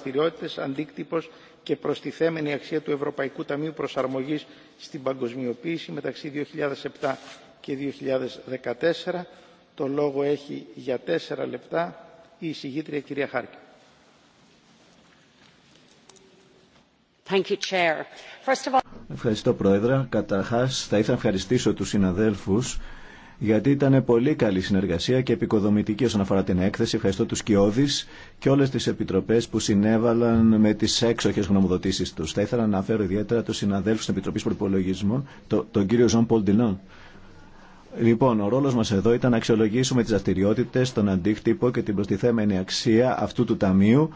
δραστηριότητε, αντίκτυπο και προστιθέμενη αξία του Ευρωπαϊκού Ταμείου Προσαρμογής στην Παγκοσμιοποίηση μεταξύ 2007 και 2014. Το λόγο έχει για τέσσερα λεπτά η εισηγήτρια κυρία Χάρκη. Ευχαριστώ Πρόεδρα. Καταρχάς θα ήθελα να ευχαριστήσω τους συναδέλφους γιατί ήταν πολύ καλή συνεργασία και επικοδομητική όσον αφορά την έκθεση. Ευχαριστώ του Κιώδη και όλε τι επιτροπέ που συνέβαλαν με τι έξοχε γνωμοδοτήσει του. Θα ήθελα να αναφέρω ιδιαίτερα του συναδέλφου τη Επιτροπή Προπολογισμών, το, τον κύριο Ζων Πολντινόν. Λοιπόν, ο ρόλο μα εδώ ήταν να αξιολογήσουμε τι δραστηριότητε, τον αντίκτυπο και την προστιθέμενη αξία αυτού του ταμείου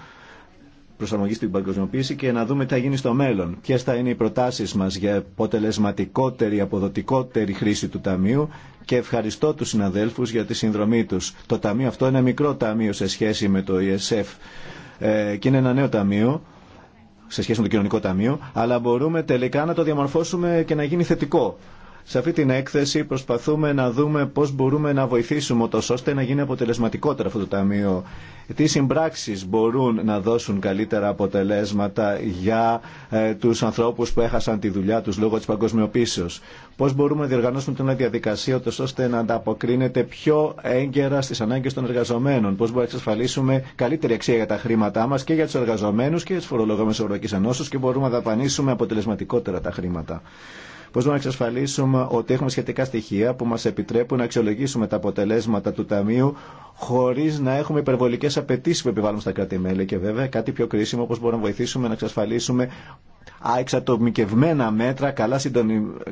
προσαρμογή στην παγκοσμιοποίηση και να δούμε τι θα γίνει στο μέλλον. Ποιε θα είναι οι προτάσει μα για αποτελεσματικότερη, αποδοτικότερη χρήση του Ταμείου και ευχαριστώ του συναδέλφου για τη συνδρομή του. Το Ταμείο αυτό είναι μικρό Ταμείο σε σχέση με το ESF ε, και είναι ένα νέο Ταμείο σε σχέση με το Κοινωνικό Ταμείο, αλλά μπορούμε τελικά να το διαμορφώσουμε και να γίνει θετικό. Σε αυτή την έκθεση προσπαθούμε να δούμε πώς μπορούμε να βοηθήσουμε τόσο ώστε να γίνει αποτελεσματικότερο αυτό το Ταμείο. Τι συμπράξεις μπορούν να δώσουν καλύτερα αποτελέσματα για ε, τους ανθρώπους που έχασαν τη δουλειά τους λόγω της παγκοσμιοποίησεως. Πώς μπορούμε να διοργανώσουμε την διαδικασία τόσο ώστε να ανταποκρίνεται πιο έγκαιρα στις ανάγκες των εργαζομένων. Πώς μπορούμε να εξασφαλίσουμε καλύτερη αξία για τα χρήματά μας και για τους εργαζομένους και για τους φορολογόμενους Ευρωπαϊκής και μπορούμε να δαπανίσουμε αποτελεσματικότερα τα χρήματα. Πώ να εξασφαλίσουμε ότι έχουμε σχετικά στοιχεία που μα επιτρέπουν να αξιολογήσουμε τα αποτελέσματα του Ταμείου χωρί να έχουμε υπερβολικέ απαιτήσει που επιβάλλουμε στα κράτη-μέλη. Και βέβαια κάτι πιο κρίσιμο, πώ μπορούμε να βοηθήσουμε να εξασφαλίσουμε αεξατομικευμένα μέτρα,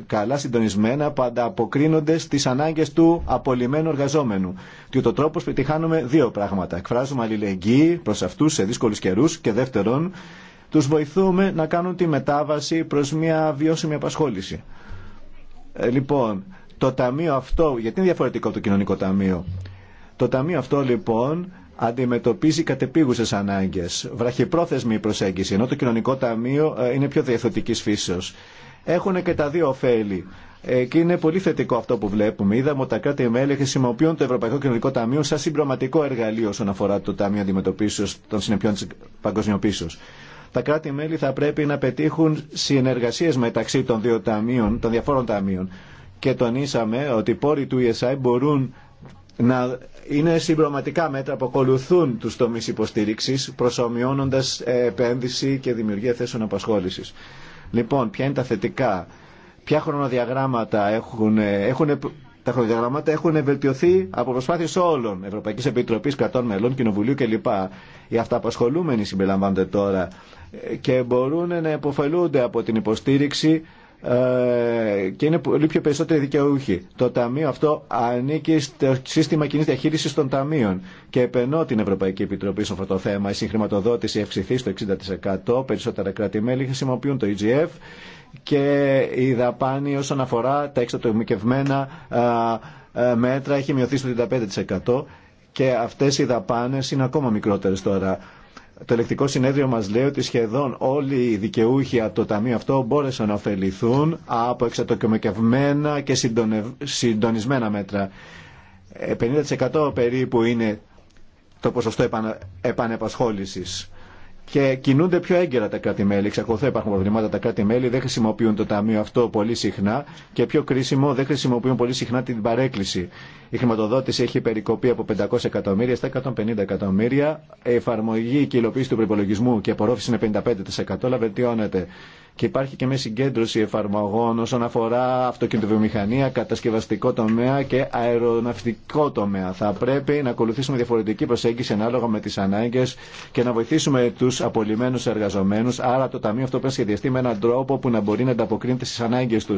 καλά, συντονισμένα, που ανταποκρίνονται στι ανάγκε του απολυμένου εργαζόμενου. Τι ούτω τρόπο πετυχάνουμε δύο πράγματα. Εκφράζουμε αλληλεγγύη προ αυτού σε δύσκολου καιρού και δεύτερον, τους βοηθούμε να κάνουν τη μετάβαση προς μια βιώσιμη απασχόληση. Ε, λοιπόν, το ταμείο αυτό, γιατί είναι διαφορετικό από το κοινωνικό ταμείο, το ταμείο αυτό λοιπόν αντιμετωπίζει κατεπίγουσες ανάγκες, βραχυπρόθεσμη προσέγγιση, ενώ το κοινωνικό ταμείο ε, είναι πιο διαθωτικής φύσεως. Έχουν και τα δύο ωφέλη. Και είναι πολύ θετικό αυτό που βλέπουμε. Είδαμε ότι τα κράτη-μέλη χρησιμοποιούν το Ευρωπαϊκό Κοινωνικό Ταμείο σαν συμπληρωματικό εργαλείο όσον αφορά το Ταμείο Αντιμετωπίσεω των Συνεπειών τη Παγκοσμιοποίηση. Τα κράτη-μέλη θα πρέπει να πετύχουν συνεργασίες μεταξύ των δύο ταμείων, των διαφόρων ταμείων. Και τονίσαμε ότι οι πόροι του ESI μπορούν να είναι συμπροματικά μέτρα που ακολουθούν του τομεί υποστηριξη, προσωμιώνοντα ε, επένδυση και δημιουργία θέσεων απασχόληση. Λοιπόν, ποια είναι τα θετικά, ποια χρονοδιαγράμματα έχουν, ε, έχουν τα χρονοδιαγράμματα έχουν βελτιωθεί από προσπάθειε όλων, Ευρωπαϊκή Επιτροπή, Κρατών Μελών, Κοινοβουλίου κλπ. Οι αυταπασχολούμενοι συμπεριλαμβάνονται τώρα και μπορούν να υποφελούνται από την υποστήριξη ε, και είναι πολύ πιο περισσότεροι δικαιούχοι. Το ταμείο αυτό ανήκει στο σύστημα κοινή διαχείριση των ταμείων και επενώ την Ευρωπαϊκή Επιτροπή σε αυτό το θέμα. Η συγχρηματοδότηση αυξηθεί στο 60%. Περισσότερα κράτη-μέλη χρησιμοποιούν το EGF και η δαπάνη όσον αφορά τα εξατομικευμένα ε, ε, μέτρα έχει μειωθεί στο 35% και αυτές οι δαπάνες είναι ακόμα μικρότερες τώρα. Το ελεκτικό συνέδριο μας λέει ότι σχεδόν όλοι οι δικαιούχοι από το ταμείο αυτό μπόρεσαν να ωφεληθούν από εξατοκομικευμένα και συντονισμένα μέτρα. 50% ε, περίπου είναι το ποσοστό επανεπασχόλησης και κινούνται πιο έγκαιρα τα κράτη-μέλη. Εξακολουθώ, υπάρχουν προβλήματα. Τα κράτη-μέλη δεν χρησιμοποιούν το ταμείο αυτό πολύ συχνά και πιο κρίσιμο δεν χρησιμοποιούν πολύ συχνά την παρέκκληση. Η χρηματοδότηση έχει περικοπεί από 500 εκατομμύρια στα 150 εκατομμύρια. Η εφαρμογή και η υλοποίηση του προπολογισμού και απορρόφηση είναι 55% αλλά βελτιώνεται και υπάρχει και μια συγκέντρωση εφαρμογών όσον αφορά αυτοκινητοβιομηχανία, κατασκευαστικό τομέα και αεροναυτικό τομέα. Θα πρέπει να ακολουθήσουμε διαφορετική προσέγγιση ανάλογα με τι ανάγκε και να βοηθήσουμε του απολυμμένου εργαζομένου. Άρα το Ταμείο αυτό πρέπει να σχεδιαστεί με έναν τρόπο που να μπορεί να ανταποκρίνεται στι ανάγκε του.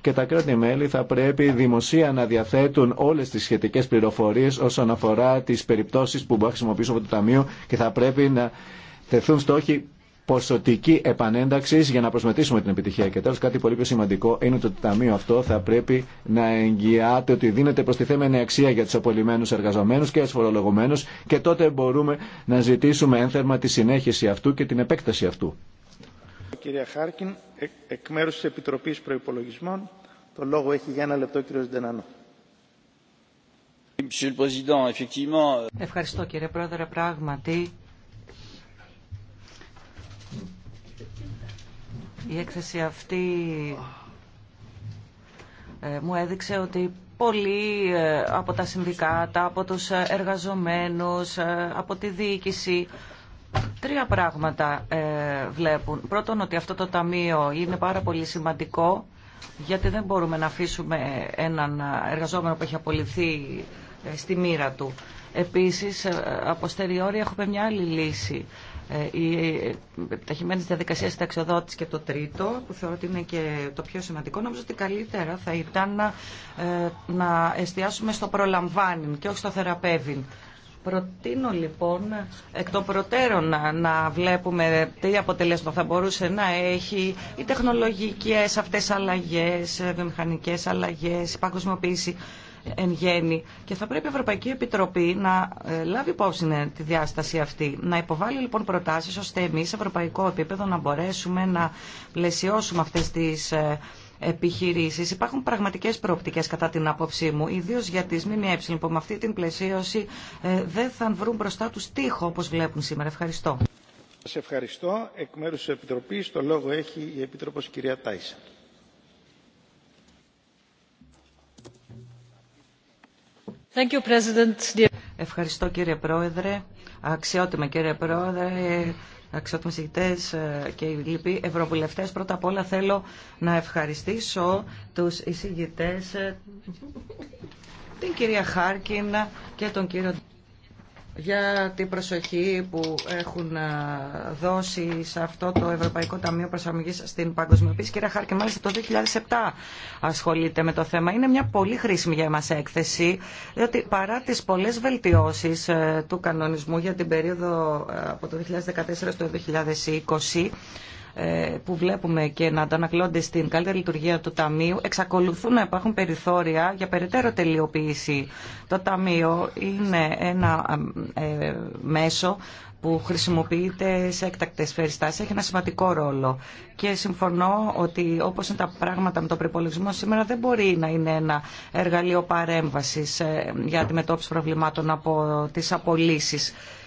Και τα κράτη-μέλη θα πρέπει δημοσία να διαθέτουν όλε τι σχετικέ πληροφορίε όσον αφορά τι περιπτώσει που μπορεί να το Ταμείο και θα πρέπει να τεθούν στόχοι ποσοτική επανένταξη για να προσμετήσουμε την επιτυχία. Και τέλο, κάτι πολύ πιο σημαντικό είναι ότι το Ταμείο αυτό θα πρέπει να εγγυάται ότι δίνεται προστιθέμενη αξία για του απολυμμένου εργαζομένου και του και τότε μπορούμε να ζητήσουμε ένθερμα τη συνέχιση αυτού και την επέκταση αυτού. Κυρία το λόγο έχει Ευχαριστώ κύριε Πρόεδρε, πράγματι Η έκθεση αυτή ε, μου έδειξε ότι πολλοί ε, από τα συνδικάτα, από τους εργαζομένους, ε, από τη διοίκηση τρία πράγματα βλέπουν. Πρώτον ότι αυτό το ταμείο είναι πάρα πολύ σημαντικό γιατί δεν μπορούμε να αφήσουμε έναν εργαζόμενο που έχει απολυθεί στη μοίρα του. Επίσης, από στεριόρια έχουμε μια άλλη λύση οι ε, επιταχυμένε διαδικασίε συνταξιοδότηση και το τρίτο, που θεωρώ ότι είναι και το πιο σημαντικό, νομίζω ότι καλύτερα θα ήταν να, ε, να εστιάσουμε στο προλαμβάνει και όχι στο θεραπεύει. Προτείνω λοιπόν εκ των προτέρων να, να βλέπουμε τι αποτελέσματα θα μπορούσε να έχει οι τεχνολογικές αυτές αλλαγές, ε, βιομηχανικές αλλαγές, η παγκοσμιοποίηση εν γέννη και θα πρέπει η Ευρωπαϊκή Επιτροπή να ε, λάβει υπόψη ναι, τη διάσταση αυτή. Να υποβάλει λοιπόν προτάσεις ώστε εμείς σε ευρωπαϊκό επίπεδο να μπορέσουμε να πλαισιώσουμε αυτές τις ε, επιχειρήσεις. Υπάρχουν πραγματικές προοπτικές κατά την άποψή μου, ιδίω για τις ΜΜΕ που με αυτή την πλαισίωση ε, δεν θα βρουν μπροστά τους τείχο όπως βλέπουν σήμερα. Ευχαριστώ. Σε ευχαριστώ. Εκ μέρους της Επιτροπής το λόγο έχει η Επίτροπος κυρία Τάισεν. Ευχαριστώ κύριε Πρόεδρε, αξιότιμα κύριε Πρόεδρε, αξιότιμοι συγητέ ε, και οι λοιποί ευρωβουλευτέ. Πρώτα απ' όλα θέλω να ευχαριστήσω τους εισηγητές, ε, την κυρία Χάρκιν και τον κύριο για την προσοχή που έχουν ε, δώσει σε αυτό το Ευρωπαϊκό Ταμείο Προσαρμογής στην Παγκοσμιοποίηση. Κύριε Χάρκε, μάλιστα το 2007 ασχολείται με το θέμα. Είναι μια πολύ χρήσιμη για εμάς έκθεση, διότι παρά τις πολλές βελτιώσεις ε, του κανονισμού για την περίοδο ε, από το 2014 στο 2020, ε, που βλέπουμε και να αντανακλώνται στην καλύτερη λειτουργία του Ταμείου, εξακολουθούν να υπάρχουν περιθώρια για περαιτέρω τελειοποίηση. Το Ταμείο είναι ένα ε, μέσο που χρησιμοποιείται σε έκτακτες περιστάσει έχει ένα σημαντικό ρόλο. Και συμφωνώ ότι όπως είναι τα πράγματα με το προπολογισμό σήμερα, δεν μπορεί να είναι ένα εργαλείο παρέμβαση ε, για αντιμετώπιση προβλημάτων από τι απολύσει.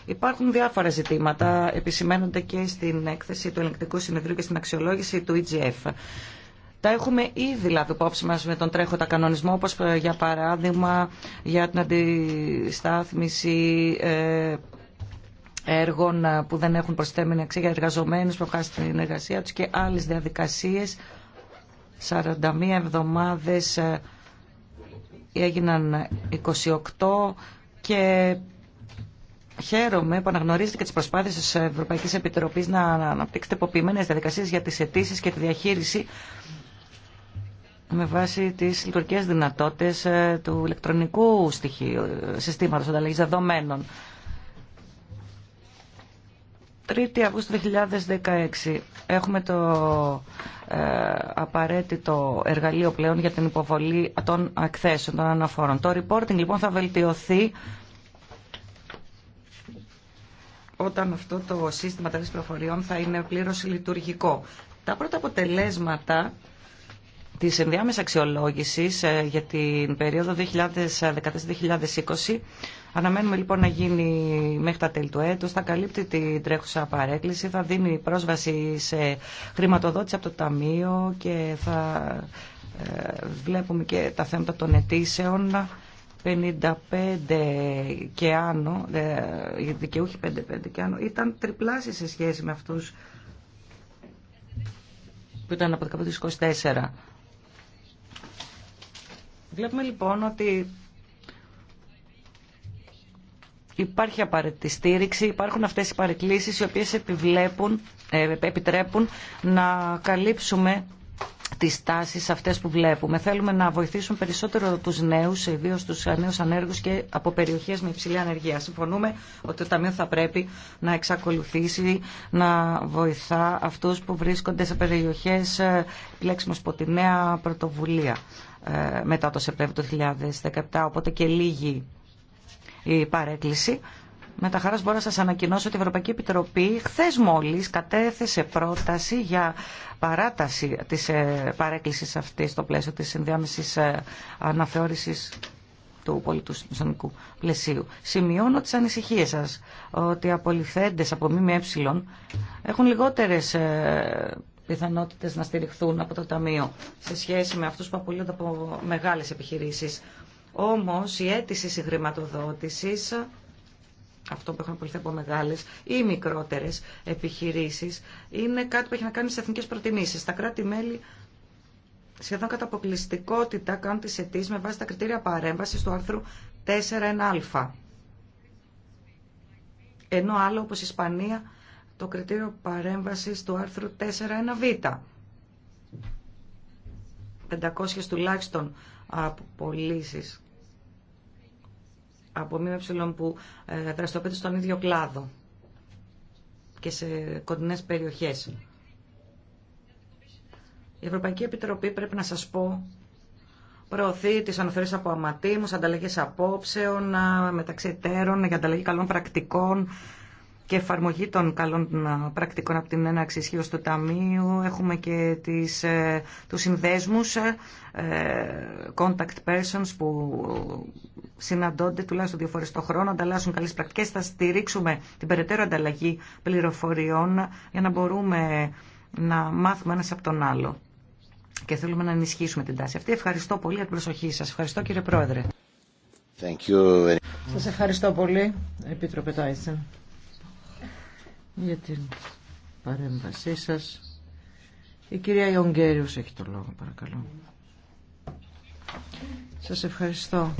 Υπάρχουν διάφορα ζητήματα, επισημαίνονται και στην έκθεση του Ελεγκτικού Συνεδρίου και στην αξιολόγηση του EGF. Τα έχουμε ήδη λάβει υπόψη μας με τον τρέχοντα κανονισμό, όπως ε, για παράδειγμα για την αντιστάθμιση ε, έργων ε, που δεν έχουν προσθέμενη αξία για εργαζομένους που χάσει την εργασία τους και άλλες διαδικασίες. 41 εβδομάδες έγιναν 28 και Χαίρομαι που αναγνωρίζετε και τι προσπάθειε τη Ευρωπαϊκή Επιτροπή να αναπτύξετε εποποιημένε διαδικασίε για τι αιτήσει και τη διαχείριση με βάση τι λειτουργικέ δυνατότητε ε, του ηλεκτρονικού στοιχείου ε, συστήματο ανταλλαγή δεδομένων. 3η Αυγούστου 2016 έχουμε το ε, απαραίτητο εργαλείο πλέον για την υποβολή των εκθέσεων, των αναφόρων. Το reporting λοιπόν θα βελτιωθεί όταν αυτό το σύστημα τέτοιες προφοριών θα είναι πλήρως λειτουργικό. Τα πρώτα αποτελέσματα της ενδιάμεσης αξιολόγησης ε, για την περίοδο 2014-2020 αναμένουμε λοιπόν να γίνει μέχρι τα τέλη του έτους, θα καλύπτει την τρέχουσα παρέκκληση, θα δίνει πρόσβαση σε χρηματοδότηση από το Ταμείο και θα ε, βλέπουμε και τα θέματα των αιτήσεων 55 και άνω, οι δικαιούχοι 55 και άνω, ήταν τριπλάσιοι σε σχέση με αυτούς που ήταν από 15 24. Βλέπουμε λοιπόν ότι υπάρχει απαραίτητη στήριξη, υπάρχουν αυτές οι παρεκκλήσεις οι οποίες επιβλέπουν, ε, επιτρέπουν να καλύψουμε τις τάσεις αυτές που βλέπουμε. Θέλουμε να βοηθήσουν περισσότερο τους νέους, ιδίω τους νέους ανέργους και από περιοχές με υψηλή ανεργία. Συμφωνούμε ότι το Ταμείο θα πρέπει να εξακολουθήσει να βοηθά αυτούς που βρίσκονται σε περιοχές πλέξιμος ε, από τη νέα πρωτοβουλία ε, μετά το Σεπτέμβριο του 2017, οπότε και λίγη η παρέκκληση. Με τα χαράς μπορώ να σας ανακοινώσω ότι η Ευρωπαϊκή Επιτροπή χθες μόλις κατέθεσε πρόταση για παράταση της ε, παρέκκλησης αυτής στο πλαίσιο της συνδιάμεσης ε, αναθεώρησης του πολιτού συνομικού πλαισίου. Σημειώνω τις ανησυχίες σας ότι οι απολυθέντες από ΜΜΕ έχουν λιγότερες ε, πιθανότητες να στηριχθούν από το Ταμείο σε σχέση με αυτούς που απολύονται από μεγάλες επιχειρήσεις. Όμως η αίτηση συγχρηματοδότησης αυτό που έχουν απολυθεί από μεγάλε ή μικρότερε επιχειρήσει, είναι κάτι που έχει να κάνει στι εθνικέ προτιμήσει. Τα κράτη-μέλη σχεδόν κατά αποκλειστικότητα κάνουν τι αιτήσει με βάση τα κριτήρια παρέμβαση του άρθρου 4.1α. Ενώ άλλο, όπω η Ισπανία, το κριτήριο παρέμβαση του άρθρου 4.1β. 500 τουλάχιστον απολύσει από ΜΕ που ε, δραστηριοποιείται στον ίδιο κλάδο και σε κοντινές περιοχές. Η Ευρωπαϊκή Επιτροπή, πρέπει να σας πω, προωθεί τις αναφορές από αματήμους, ανταλλαγές απόψεων, μεταξύ εταίρων για ανταλλαγή καλών πρακτικών και εφαρμογή των καλών πρακτικών από την έναρξη ισχύω του Ταμείου. Έχουμε και τις, ε, τους συνδέσμους, ε, contact persons που συναντώνται τουλάχιστον δύο φορέ το χρόνο, ανταλλάσσουν καλέ πρακτικέ. Θα στηρίξουμε την περαιτέρω ανταλλαγή πληροφοριών για να μπορούμε να μάθουμε ένα από τον άλλο. Και θέλουμε να ενισχύσουμε την τάση αυτή. Ευχαριστώ πολύ για την προσοχή σα. Ευχαριστώ κύριε Πρόεδρε. Thank you. Σας ευχαριστώ πολύ, Επίτροπε Τάισεν, για την παρέμβασή σας. Η κυρία Ιονγκέριος έχει το λόγο, παρακαλώ. Σας ευχαριστώ.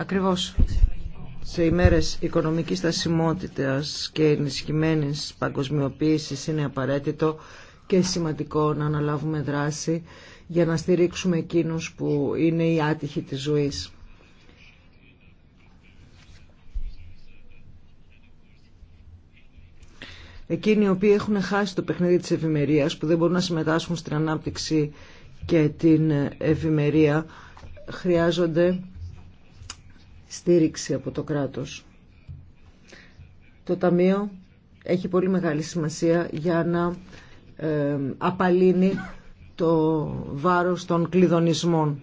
Ακριβώς σε ημέρες οικονομικής στασιμότητας και ενισχυμένης παγκοσμιοποίησης είναι απαραίτητο και σημαντικό να αναλάβουμε δράση για να στηρίξουμε εκείνους που είναι οι άτυχοι της ζωής. Εκείνοι οι οποίοι έχουν χάσει το παιχνίδι της ευημερία, που δεν μπορούν να συμμετάσχουν στην ανάπτυξη και την ευημερία, χρειάζονται στήριξη από το κράτος. Το Ταμείο έχει πολύ μεγάλη σημασία για να ε, απαλύνει το βάρος των κλειδονισμών.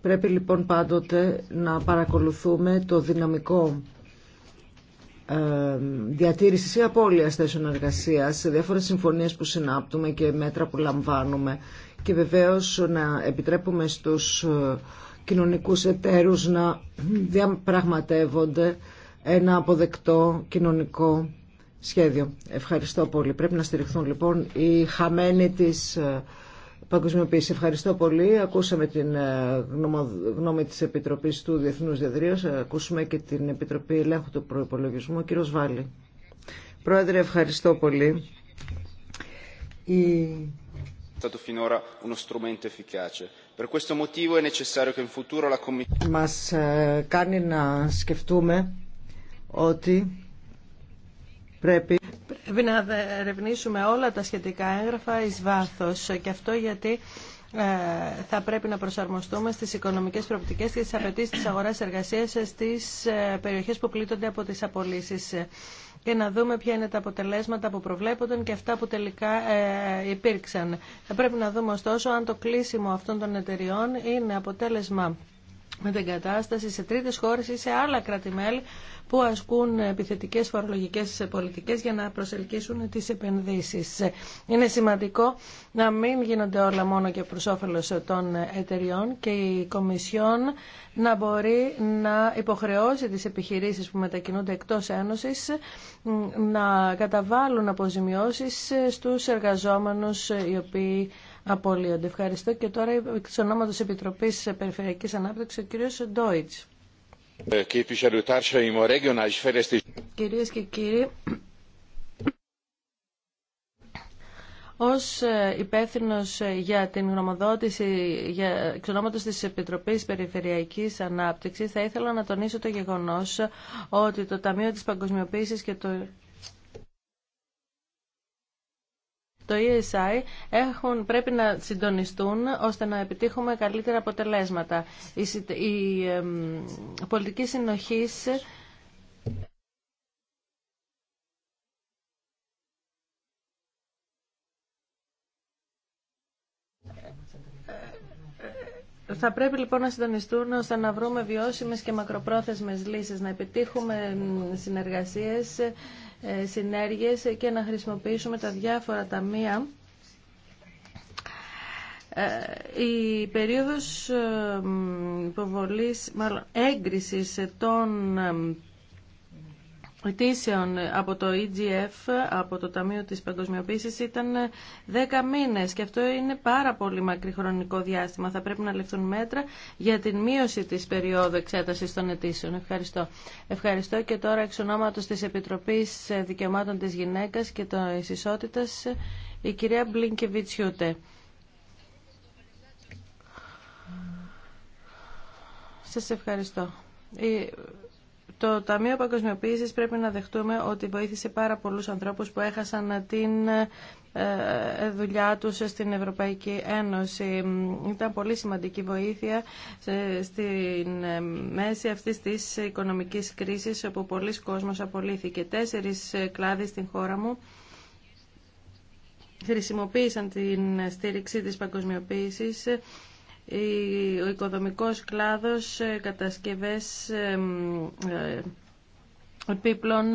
Πρέπει λοιπόν πάντοτε να παρακολουθούμε το δυναμικό ε, διατήρηση ή απώλεια θέσεων εργασίας σε διάφορες συμφωνίες που συνάπτουμε και μέτρα που λαμβάνουμε και βεβαίως να επιτρέπουμε στους ε, κοινωνικούς εταίρους να διαπραγματεύονται ένα αποδεκτό κοινωνικό σχέδιο. Ευχαριστώ πολύ. Πρέπει να στηριχθούν λοιπόν οι χαμένοι της ε, παγκοσμιοποίηση. Ευχαριστώ πολύ. Ακούσαμε την ε, γνώμη της Επιτροπής του Διεθνούς Διαδρίας. Ακούσουμε και την Επιτροπή Ελέγχου του Προϋπολογισμού. Ο κύριος Βάλλη. Πρόεδρε, ευχαριστώ πολύ stato finora uno strumento efficace. Per questo motivo è necessario che in futuro la Μας eh, κάνει να σκεφτούμε ότι πρέπει... Πρέπει να ερευνήσουμε όλα τα σχετικά έγγραφα ει βάθο και αυτό γιατί ε, θα πρέπει να προσαρμοστούμε στις οικονομικές προοπτικές και τις απαιτήσεις της αγοράς εργασίας στις ε, περιοχές που πλήττονται από τις απολύσεις και να δούμε ποια είναι τα αποτελέσματα που προβλέπονταν και αυτά που τελικά ε, υπήρξαν. Θα πρέπει να δούμε ωστόσο αν το κλείσιμο αυτών των εταιριών είναι αποτέλεσμα με την κατάσταση σε τρίτες χώρες ή σε άλλα κράτη-μέλη που ασκούν επιθετικές φορολογικές πολιτικές για να προσελκύσουν τις επενδύσεις. Είναι σημαντικό να μην γίνονται όλα μόνο και προς όφελος των εταιριών και η Κομισιόν να μπορεί να υποχρεώσει τις επιχειρήσεις που μετακινούνται εκτός Ένωσης να καταβάλουν αποζημιώσεις στους εργαζόμενους οι οποίοι απολύονται. Ευχαριστώ και τώρα εξ ονόματος Επιτροπής Περιφερειακής Ανάπτυξης ο κ. Ντόιτς. Κυρίες και κύριοι, ως ε, υπεύθυνος ε, για την γνωμοδότηση εξ ονόματος της Επιτροπής Περιφερειακής Ανάπτυξης θα ήθελα να τονίσω το γεγονός ε, ότι το Ταμείο της Παγκοσμιοποίησης και το το ESI έχουν, πρέπει να συντονιστούν ώστε να επιτύχουμε καλύτερα αποτελέσματα. Η, πολιτική συνοχής Θα πρέπει λοιπόν να συντονιστούν ώστε να βρούμε βιώσιμες και μακροπρόθεσμες λύσεις, να επιτύχουμε συνεργασίες, ε, συνέργειες και να χρησιμοποιήσουμε τα διάφορα ταμεία. Ε, η περίοδος ε, υποβολής, μάλλον έγκρισης των Ετήσεων από το EGF, από το Ταμείο της Παγκοσμιοποίησης, ήταν 10 μήνες και αυτό είναι πάρα πολύ μακρύ διάστημα. Θα πρέπει να ληφθούν μέτρα για την μείωση της περίοδου εξέτασης των ετήσεων. Ευχαριστώ. Ευχαριστώ και τώρα εξ ονόματος της Επιτροπής Δικαιωμάτων της Γυναίκας και της Ισότητας, η κυρία Μπλίνκεβιτσιούτε. Σας ευχαριστώ. Το Ταμείο Παγκοσμιοποίηση πρέπει να δεχτούμε ότι βοήθησε πάρα πολλού ανθρώπου που έχασαν την ε, ε, δουλειά τους στην Ευρωπαϊκή Ένωση. Ήταν πολύ σημαντική βοήθεια ε, στη μέση αυτής της οικονομικής κρίσης όπου πολλοί κόσμος απολύθηκε. Τέσσερις κλάδοι στην χώρα μου χρησιμοποίησαν την στήριξη της παγκοσμιοποίησης ο οικοδομικός κλάδος, ε, κατασκευές ε, ε, επίπλων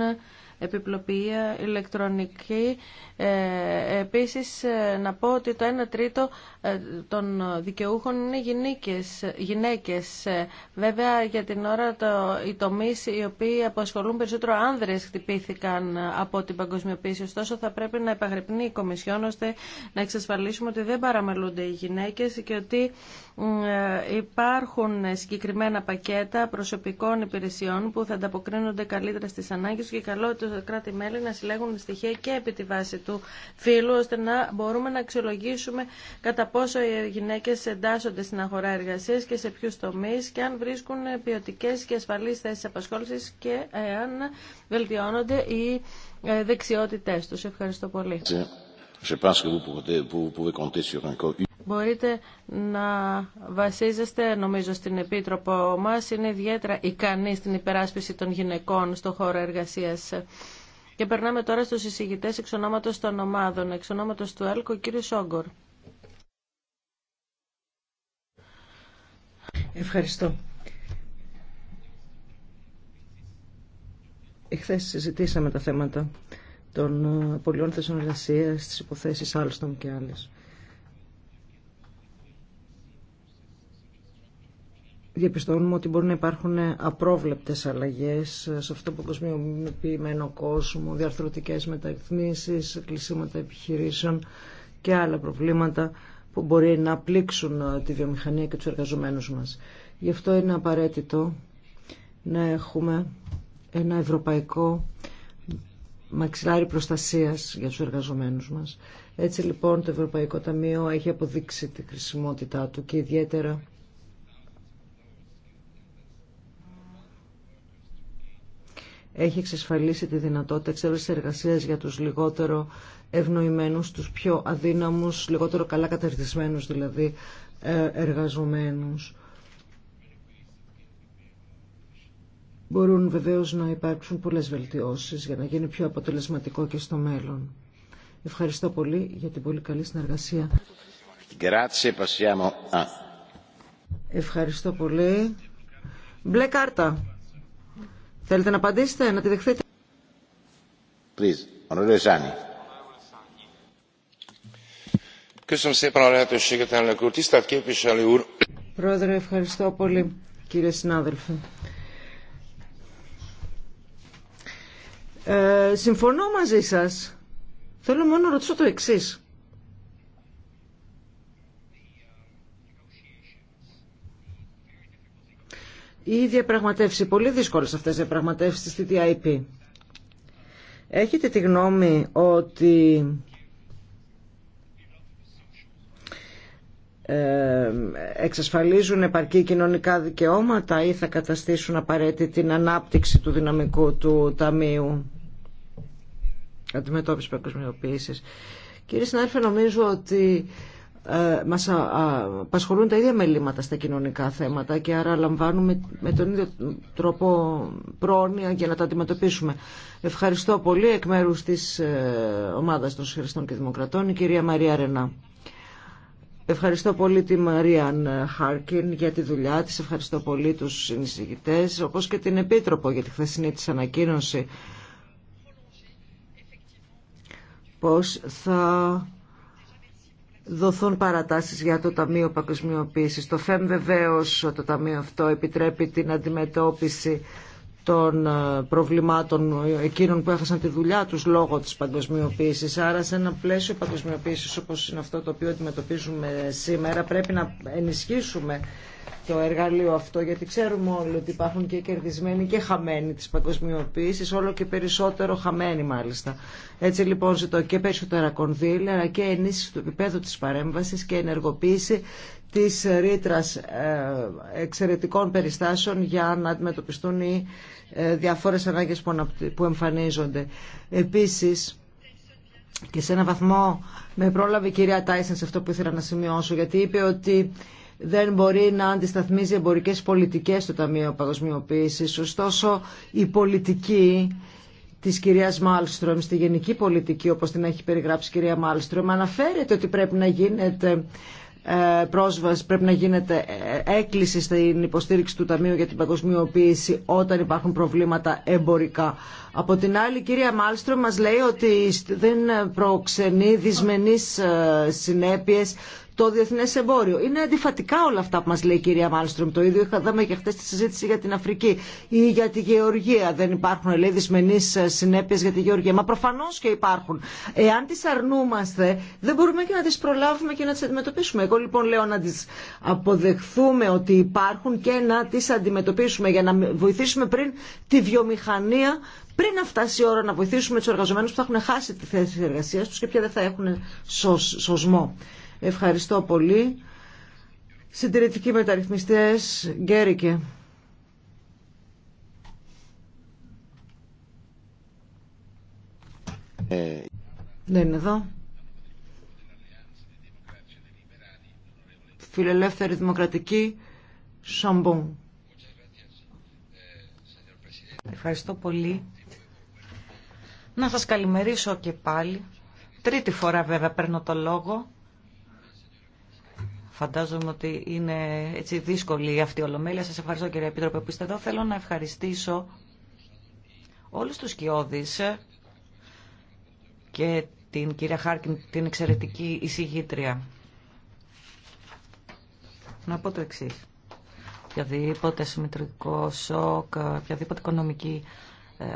επιπλοποιία ηλεκτρονική. Ε, επίσης, ε, να πω ότι το 1 τρίτο ε, των δικαιούχων είναι γυναίκες. γυναίκες. Βέβαια, για την ώρα το, οι τομεί οι οποίοι αποσχολούν περισσότερο άνδρες χτυπήθηκαν από την παγκοσμιοποίηση. Ωστόσο, θα πρέπει να επαγρυπνεί η Κομισιόν ώστε να εξασφαλίσουμε ότι δεν παραμελούνται οι γυναίκες και ότι ε, υπάρχουν συγκεκριμένα πακέτα προσωπικών υπηρεσιών που θα ανταποκρίνονται καλύτερα στις ανάγκες και καλό το κράτη-μέλη να συλλέγουν στοιχεία και επί τη βάση του φύλου ώστε να μπορούμε να αξιολογήσουμε κατά πόσο οι γυναίκες εντάσσονται στην αγορά εργασίας και σε ποιους τομείς και αν βρίσκουν ποιοτικέ και ασφαλείς θέσεις απασχόλησης και αν βελτιώνονται οι ε, δεξιότητές τους. Ευχαριστώ πολύ μπορείτε να βασίζεστε νομίζω στην Επίτροπο μας. Είναι ιδιαίτερα ικανή στην υπεράσπιση των γυναικών στον χώρο εργασίας. Και περνάμε τώρα στους εισηγητές εξ ονόματος των ομάδων. Εξ ονόματος του ΕΛΚΟ, ο Σόγκορ. Ευχαριστώ. Εχθές συζητήσαμε τα θέματα των ε, πολιών θέσεων εργασία, τις υποθέσεις άλλων και άλλες. διαπιστώνουμε ότι μπορεί να υπάρχουν απρόβλεπτες αλλαγές σε αυτό το παγκοσμιοποιημένο κόσμο, διαρθρωτικές μεταρρυθμίσεις, κλεισίματα επιχειρήσεων και άλλα προβλήματα που μπορεί να πλήξουν ε, τη βιομηχανία και τους εργαζομένους μας. Γι' αυτό είναι απαραίτητο να έχουμε ένα ευρωπαϊκό μαξιλάρι προστασίας για τους εργαζομένους μας. Έτσι λοιπόν το Ευρωπαϊκό Ταμείο έχει αποδείξει τη χρησιμότητά του και ιδιαίτερα έχει εξασφαλίσει τη δυνατότητα εξέλιξης εργασίας για τους λιγότερο ευνοημένους, τους πιο αδύναμους, λιγότερο καλά καταρτισμένους δηλαδή ε, εργαζομένους. Μπορούν βεβαίως να υπάρξουν πολλές βελτιώσεις για να γίνει πιο αποτελεσματικό και στο μέλλον. Ευχαριστώ πολύ για την πολύ καλή συνεργασία. Ευχαριστώ πολύ. Μπλε κάρτα. Θέλετε να απαντήσετε, να τη δεχθείτε. Πρόεδρε, ευχαριστώ πολύ, κύριε συνάδελφε. Ε, συμφωνώ μαζί σας. Θέλω μόνο να ρωτήσω το εξής. η διαπραγματεύσει, πολύ δύσκολες αυτές οι διαπραγματεύσεις της TTIP. Έχετε τη γνώμη ότι εξασφαλίζουν επαρκή κοινωνικά δικαιώματα ή θα καταστήσουν απαραίτητη την ανάπτυξη του δυναμικού του Ταμείου Αντιμετώπισης Παγκοσμιοποίησης. Κύριε συνάδελφε, νομίζω ότι ε, μας απασχολούν τα ίδια μελήματα στα κοινωνικά θέματα και άρα λαμβάνουμε με τον ίδιο τρόπο πρόνοια για να τα αντιμετωπίσουμε. Ευχαριστώ πολύ εκ μέρους της ε, ομάδα των Σχεριστών και Δημοκρατών η κυρία Μαρία Ρενά. Ευχαριστώ πολύ τη Μαρία Χάρκιν για τη δουλειά της, ευχαριστώ πολύ τους συνεισηγητές, όπως και την Επίτροπο για τη χθεσινή της ανακοίνωση. Πώς θα δοθούν παρατάσεις για το Ταμείο Παγκοσμιοποίησης. Το ΦΕΜ βεβαίως το Ταμείο αυτό επιτρέπει την αντιμετώπιση των ε, προβλημάτων ε, εκείνων που έχασαν τη δουλειά τους λόγω της παγκοσμιοποίησης. Άρα σε ένα πλαίσιο παγκοσμιοποίησης όπως είναι αυτό το οποίο αντιμετωπίζουμε σήμερα πρέπει να ενισχύσουμε το εργαλείο αυτό, γιατί ξέρουμε όλοι ότι υπάρχουν και κερδισμένοι και χαμένοι της παγκοσμιοποίησης, όλο και περισσότερο χαμένοι μάλιστα. Έτσι λοιπόν ζητώ και περισσότερα κονδύλια, αλλά και ενίσχυση του επίπεδου της παρέμβασης και ενεργοποίηση της ρήτρα ε, εξαιρετικών περιστάσεων για να αντιμετωπιστούν οι ε, διάφορες ανάγκες που εμφανίζονται. Επίσης, και σε ένα βαθμό με πρόλαβε η κυρία Τάισεν σε αυτό που ήθελα να σημειώσω, γιατί είπε ότι δεν μπορεί να αντισταθμίζει εμπορικέ πολιτικέ στο Ταμείο παγκοσμιοποίηση. Ωστόσο, η πολιτική τη κυρία Μάλστρομ στη γενική πολιτική, όπω την έχει περιγράψει η κυρία Μάλστρομ, αναφέρεται ότι πρέπει να γίνεται ε, πρόσβαση, πρέπει να γίνεται ε, έκκληση στην υποστήριξη του Ταμείου για την παγκοσμιοποίηση όταν υπάρχουν προβλήματα εμπορικά. Από την άλλη, η κυρία Μάλστρο μας λέει ότι δεν προξενεί δυσμενείς ε, συνέπειες το διεθνέ εμπόριο. Είναι αντιφατικά όλα αυτά που μα λέει η κυρία Μάλστρομ. Το ίδιο είχαμε και χθε τη συζήτηση για την Αφρική ή για τη Γεωργία. Δεν υπάρχουν, λέει, δυσμενεί ε, συνέπειε για τη Γεωργία. Μα προφανώ και υπάρχουν. Εάν τι αρνούμαστε, δεν μπορούμε και να τι προλάβουμε και να τι αντιμετωπίσουμε. Εγώ λοιπόν λέω να τι αποδεχθούμε ότι υπάρχουν και να τι αντιμετωπίσουμε για να βοηθήσουμε πριν τη βιομηχανία πριν να φτάσει η ώρα να βοηθήσουμε του εργαζομένου που θα έχουν χάσει τη θέση εργασία του και πια δεν θα έχουν σωσ, σωσμό. Ευχαριστώ πολύ. Συντηρητικοί μεταρρυθμιστές, Γκέρικε. Δεν είναι εδώ. Φιλελεύθερη Δημοκρατική, Σαμπόν. Ευχαριστώ πολύ. Να σας καλημερίσω και πάλι. Τρίτη φορά βέβαια παίρνω το λόγο Φαντάζομαι ότι είναι έτσι δύσκολη αυτή η ολομέλεια. Σας ευχαριστώ κύριε Επίτροπε που είστε εδώ. Θέλω να ευχαριστήσω όλους τους κοιόδης και την κυρία Χάρκιν, την εξαιρετική εισηγήτρια. Να πω το εξή. Οποιαδήποτε συμμετρικό σοκ, οποιαδήποτε οικονομική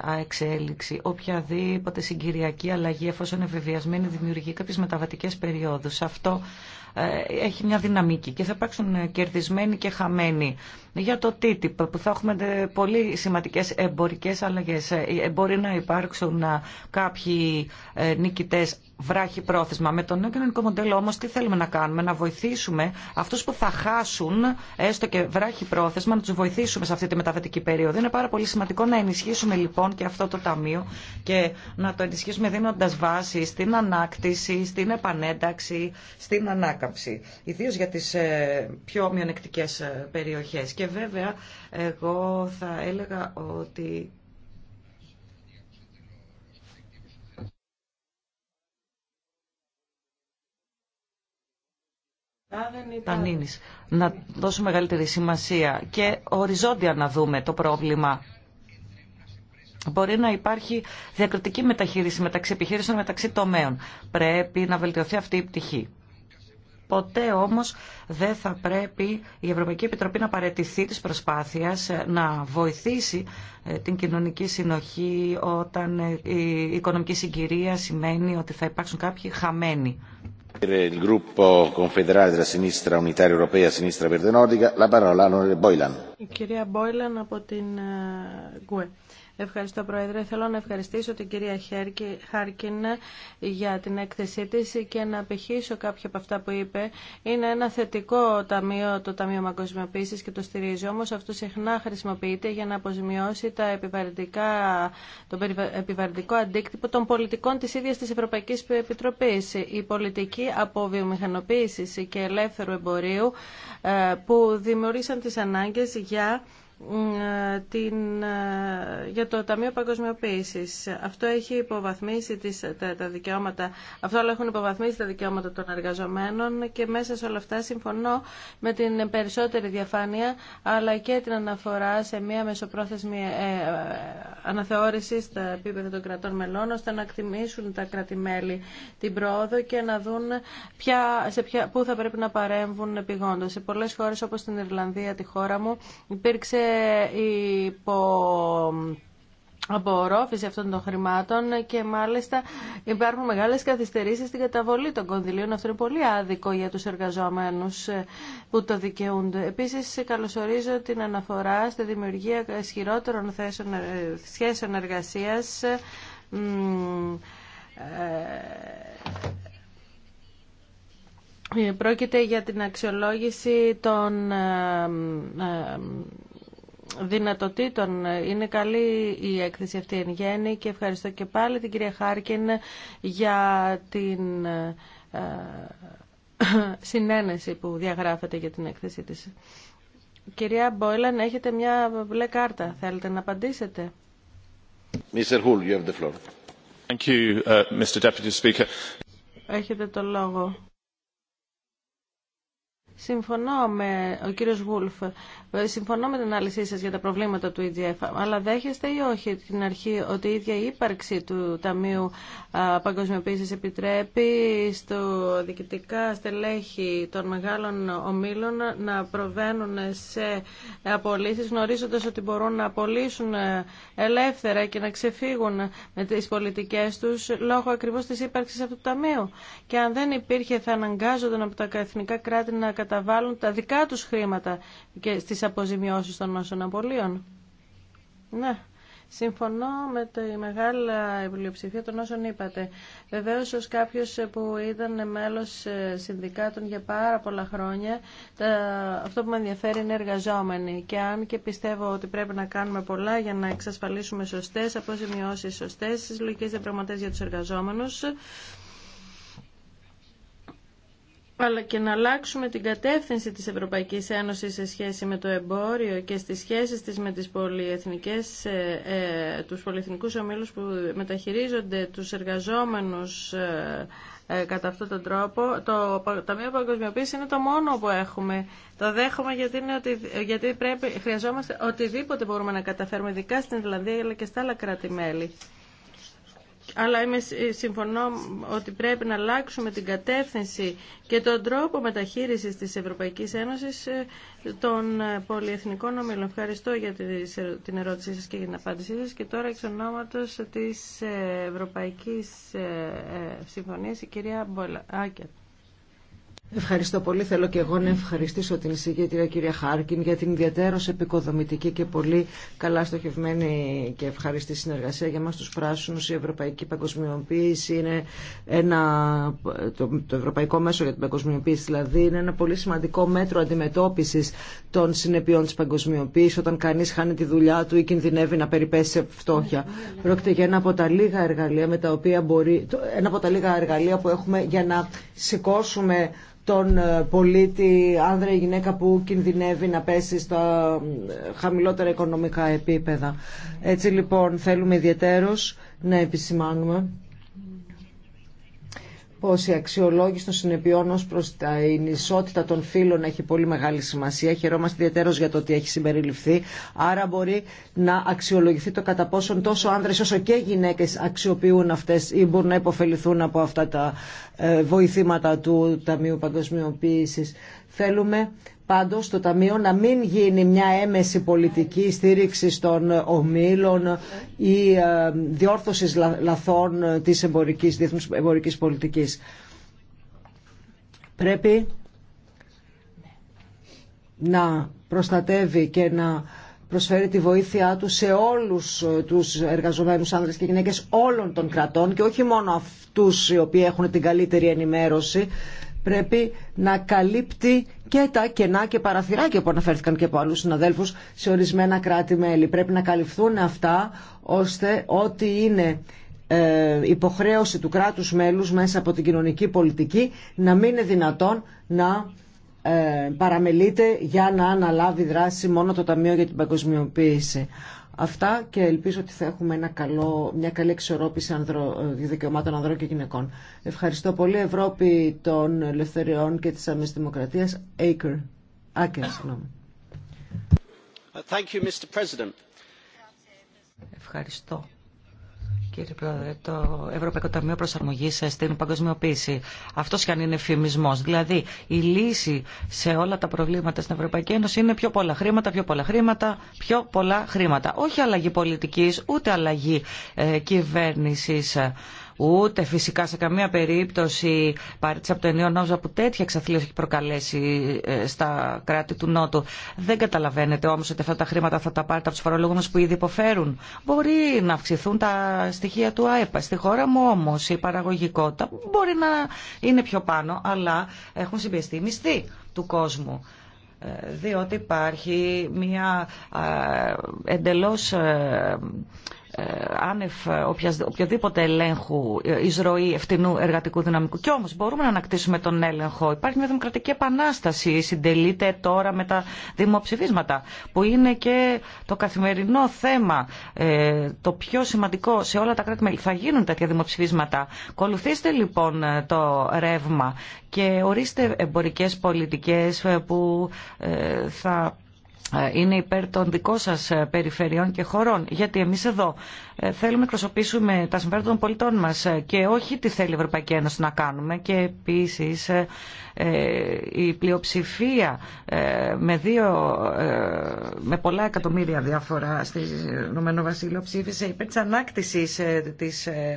αεξέλιξη, ε, οποιαδήποτε συγκυριακή αλλαγή, εφόσον ευεβιασμένη, δημιουργεί κάποιε μεταβατικές περιόδους. Αυτό ε, έχει μια δυναμική και θα υπάρξουν κερδισμένοι και χαμένοι. Για το TTIP που θα έχουμε πολύ σημαντικές εμπορικές αλλαγές. Ε, ε, μπορεί να υπάρξουν κάποιοι νικητές βράχη πρόθεσμα. Με το νέο κοινωνικό μοντέλο όμως τι θέλουμε να κάνουμε, να βοηθήσουμε αυτούς που θα χάσουν έστω και βράχη πρόθεσμα, να τους βοηθήσουμε σε αυτή τη μεταβατική περίοδο. Είναι πάρα πολύ σημαντικό να ενισχύσουμε λοιπόν και αυτό το ταμείο και να το ενισχύσουμε δίνοντας βάση στην ανάκτηση, στην επανένταξη, στην ανάκτηση ανάκαμψη, ιδίως για τις ε, πιο μειονεκτικές ε, περιοχές. Και βέβαια, εγώ θα έλεγα ότι Τανίνης. Να δώσουμε μεγαλύτερη σημασία και οριζόντια να δούμε το πρόβλημα. Μπορεί να υπάρχει διακριτική μεταχείριση μεταξύ επιχείρησεων, μεταξύ τομέων. Πρέπει να βελτιωθεί αυτή η πτυχή. Ποτέ όμως δεν θα πρέπει η Ευρωπαϊκή Επιτροπή να παρετηθεί της προσπάθειας ε, να βοηθήσει ε, την κοινωνική συνοχή όταν ε, η οικονομική συγκυρία σημαίνει ότι θα υπάρξουν κάποιοι χαμένοι. Η κυρία Μπόιλαν από την ΚΟΕ. Ευχαριστώ, Πρόεδρε. Θέλω να ευχαριστήσω την κυρία Χάρκιν ε, για την έκθεσή τη και να απεχίσω κάποια από αυτά που είπε. Είναι ένα θετικό ταμείο, το Ταμείο Μαγκοσμιοποίηση και το στηρίζει. Όμω αυτό συχνά χρησιμοποιείται για να αποζημιώσει τα το επιβαρυντικό αντίκτυπο των πολιτικών τη ίδια τη Ευρωπαϊκή Επιτροπή. Η πολιτική αποβιομηχανοποίηση και ελεύθερου εμπορίου ε, που δημιούργησαν τι ανάγκε για την, για το Ταμείο παγκοσμιοποίηση. Αυτό έχει υποβαθμίσει τις, τα, τα, δικαιώματα, αυτό έχουν υποβαθμίσει τα δικαιώματα των εργαζομένων και μέσα σε όλα αυτά συμφωνώ με την περισσότερη διαφάνεια αλλά και την αναφορά σε μια μεσοπρόθεσμη ε, ε, αναθεώρηση στα επίπεδα των κρατών μελών ώστε να εκτιμήσουν τα κρατημέλη την πρόοδο και να δουν ποια, σε ποια, πού θα πρέπει να παρέμβουν επιγόντως. Σε πολλέ χώρε όπω στην Ιρλανδία, τη χώρα μου, υπήρξε υπό απορρόφηση αυτών των χρημάτων και μάλιστα υπάρχουν μεγάλες καθυστερήσεις στην καταβολή των κονδυλίων. Αυτό είναι πολύ άδικο για τους εργαζόμενους που το δικαιούνται. Επίσης καλωσορίζω την αναφορά στη δημιουργία ισχυρότερων ε, σχέσεων εργασίας ε, ε, Πρόκειται για την αξιολόγηση των δυνατοτήτων. Είναι καλή η έκθεση αυτή εν γέννη και ευχαριστώ και πάλι την κυρία Χάρκιν για την ε, συνένεση που διαγράφεται για την έκθεση της. Κυρία Μπόιλαν, έχετε μια μπλε κάρτα. Θέλετε να απαντήσετε. Mr. Hull, you have the floor. Thank you, uh, Έχετε το λόγο. Συμφωνώ με ο κύριο Γούλφ. Συμφωνώ με την ανάλυση σα για τα προβλήματα του EGF, αλλά δέχεστε ή όχι την αρχή ότι η ίδια η ύπαρξη του Ταμείου Παγκοσμιοποίηση επιτρέπει στο διοικητικά στελέχη των μεγάλων ομίλων να προβαίνουν σε απολύσει, γνωρίζοντα ότι μπορούν να απολύσουν ε, ελεύθερα και να ξεφύγουν με τι πολιτικέ του λόγω ακριβώ τη ύπαρξη αυτού του Ταμείου. Και αν δεν υπήρχε θα αναγκάζονταν από τα εθνικά κράτη να βάλουν τα δικά τους χρήματα και στις αποζημιώσεις των μασοναπολίων. Ναι. Συμφωνώ με τη μεγάλη πλειοψηφία των όσων είπατε. Βεβαίω, ω κάποιο που ήταν μέλο συνδικάτων για πάρα πολλά χρόνια, αυτό που με ενδιαφέρει είναι εργαζόμενοι. Και αν και πιστεύω ότι πρέπει να κάνουμε πολλά για να εξασφαλίσουμε σωστέ αποζημιώσει, σωστέ συλλογικέ διαπραγματεύσει για του εργαζόμενου, αλλά και να αλλάξουμε την κατεύθυνση της Ευρωπαϊκής Ένωσης σε σχέση με το εμπόριο και στις σχέσεις της με τις πολυεθνικές, ε, ε τους πολυεθνικούς ομίλους που μεταχειρίζονται τους εργαζόμενους ε, ε, κατά αυτόν τον τρόπο. Το Ταμείο Παγκοσμιοποίηση είναι το μόνο που έχουμε. Το δέχομαι γιατί, είναι ότι, γιατί πρέπει, χρειαζόμαστε οτιδήποτε μπορούμε να καταφέρουμε, ειδικά στην Ιρλανδία αλλά και στα άλλα κράτη-μέλη αλλά είμαι, ε, συμφωνώ ότι πρέπει να αλλάξουμε την κατεύθυνση και τον τρόπο μεταχείρισης της Ευρωπαϊκής Ένωσης ε, των ε, πολυεθνικών ομίλων. Ευχαριστώ για την ερώτησή σας και για την απάντησή σας. Και τώρα εξ ονόματος της Ευρωπαϊκής Συμφωνίας, η κυρία Ευχαριστώ πολύ. Θέλω και εγώ να ευχαριστήσω την εισηγήτρια κυρία Χάρκιν για την ιδιαίτερω επικοδομητική και πολύ καλά στοχευμένη και ευχαριστή συνεργασία για μας τους πράσινους. Η ευρωπαϊκή παγκοσμιοποίηση είναι ένα, το, ευρωπαϊκό μέσο για την παγκοσμιοποίηση δηλαδή είναι ένα πολύ σημαντικό μέτρο αντιμετώπισης των συνεπειών της παγκοσμιοποίησης όταν κανείς χάνει τη δουλειά του ή κινδυνεύει να περιπέσει σε φτώχεια. Πρόκειται για ένα από τα λίγα εργαλεία με τα οποία μπορεί, ένα από τα λίγα εργαλεία που έχουμε για να σηκώσουμε τον ε, πολίτη, άνδρα ή γυναίκα που κινδυνεύει να πέσει στα ε, χαμηλότερα οικονομικά επίπεδα. Έτσι λοιπόν θέλουμε ιδιαίτερος να επισημάνουμε πως η αξιολόγηση των συνεπειών ως προς τα ισότητα των φύλων έχει πολύ μεγάλη σημασία. Χαιρόμαστε ιδιαίτερως για το ότι έχει συμπεριληφθεί. Άρα μπορεί να αξιολογηθεί το κατά πόσον τόσο άνδρες όσο και γυναίκες αξιοποιούν αυτές ή μπορούν να υποφεληθούν από αυτά τα ε, βοηθήματα του Ταμείου Παγκοσμιοποίησης. Θέλουμε πάντως το Ταμείο να μην γίνει μια έμεση πολιτική στήριξη των ομίλων ή ε, διόρθωσης λαθών της εμπορικής, διεθνούς εμπορικής πολιτικής. Πρέπει να προστατεύει και να προσφέρει τη βοήθειά του σε όλους τους εργαζομένους άνδρες και γυναίκες όλων των κρατών και όχι μόνο αυτούς οι οποίοι έχουν την καλύτερη ενημέρωση πρέπει να καλύπτει και τα κενά και παραθυράκια που αναφέρθηκαν και από άλλους συναδέλφους σε ορισμένα κράτη-μέλη. Πρέπει να καλυφθούν αυτά ώστε ό,τι είναι ε, υποχρέωση του κράτους μέλους μέσα από την κοινωνική πολιτική να μην είναι δυνατόν να ε, παραμελείται για να αναλάβει δράση μόνο το Ταμείο για την Παγκοσμιοποίηση αυτά και ελπίζω ότι θα έχουμε μια καλή εξορρόπηση ανδρο, δικαιωμάτων ανδρών και γυναικών. Ευχαριστώ πολύ Ευρώπη των Ελευθεριών και της αμείς Δημοκρατίας. Ευχαριστώ Κύριε Πρόεδρε, το Ευρωπαϊκό Ταμείο Προσαρμογή στην παγκοσμιοποίηση. Αυτό κι αν είναι φημισμό. Δηλαδή, η λύση σε όλα τα προβλήματα στην Ευρωπαϊκή Ένωση είναι πιο πολλά χρήματα, πιο πολλά χρήματα, πιο πολλά χρήματα. Όχι αλλαγή πολιτική, ούτε αλλαγή ε, κυβέρνηση. Ούτε φυσικά σε καμία περίπτωση παρέτηση από το ενίο νόμισμα που τέτοια εξαθλίωση έχει προκαλέσει ε, στα κράτη του Νότου. Δεν καταλαβαίνετε όμως ότι αυτά τα χρήματα θα τα πάρετε από του φορολογούμενου που ήδη υποφέρουν. Μπορεί να αυξηθούν τα στοιχεία του ΑΕΠΑ. Στη χώρα μου όμω η παραγωγικότητα μπορεί να είναι πιο πάνω, αλλά έχουν συμπιεστεί οι μισθοί του κόσμου ε, διότι υπάρχει μια εντελώς ε, ε, άνευ ε, οποιοδήποτε ελέγχου ε, εισρωή ευθυνού εργατικού δυναμικού. Κι όμως μπορούμε να ανακτήσουμε τον έλεγχο. Υπάρχει μια δημοκρατική επανάσταση, συντελείται τώρα με τα δημοψηφίσματα, που είναι και το καθημερινό θέμα, το πιο σημαντικό σε όλα τα κράτη-μέλη. Θα γίνουν τέτοια δημοψηφίσματα. Κολουθήστε λοιπόν το ρεύμα και ορίστε εμπορικές πολιτικές που θα ε, είναι υπέρ των δικών σας ε, περιφερειών και χωρών. Γιατί εμείς εδώ ε, θέλουμε να εκπροσωπήσουμε τα συμφέροντα των πολιτών μας ε, και όχι τι θέλει η Ευρωπαϊκή Ένωση να κάνουμε και επίση ε, η πλειοψηφία με, δύο, με πολλά εκατομμύρια διάφορα στη Ηνωμένο Βασίλειο ψήφισε υπέρ της ανάκτηση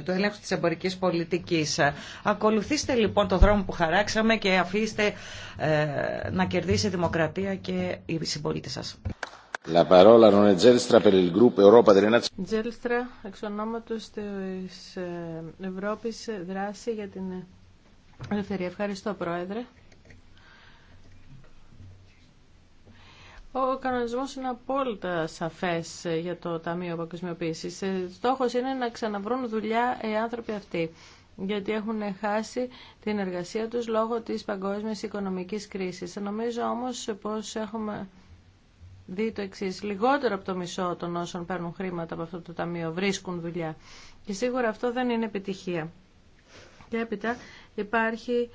του ελέγχου της εμπορικής πολιτικής. Ακολουθήστε λοιπόν το δρόμο που χαράξαμε και αφήστε να κερδίσει η δημοκρατία και οι συμπολίτε σα. La parola non εξ ονόματο τη Ευρώπη, δράση για την ελευθερία. Ευχαριστώ, Πρόεδρε. Ο κανονισμός είναι απόλυτα σαφές για το Ταμείο Παγκοσμιοποίησης. Ε, στόχος είναι να ξαναβρούν δουλειά οι άνθρωποι αυτοί γιατί έχουν χάσει την εργασία τους λόγω της παγκόσμιας οικονομικής κρίσης. Νομίζω όμως πως έχουμε δει το εξή. Λιγότερο από το μισό των όσων παίρνουν χρήματα από αυτό το ταμείο βρίσκουν δουλειά. Και σίγουρα αυτό δεν είναι επιτυχία. Και έπειτα υπάρχει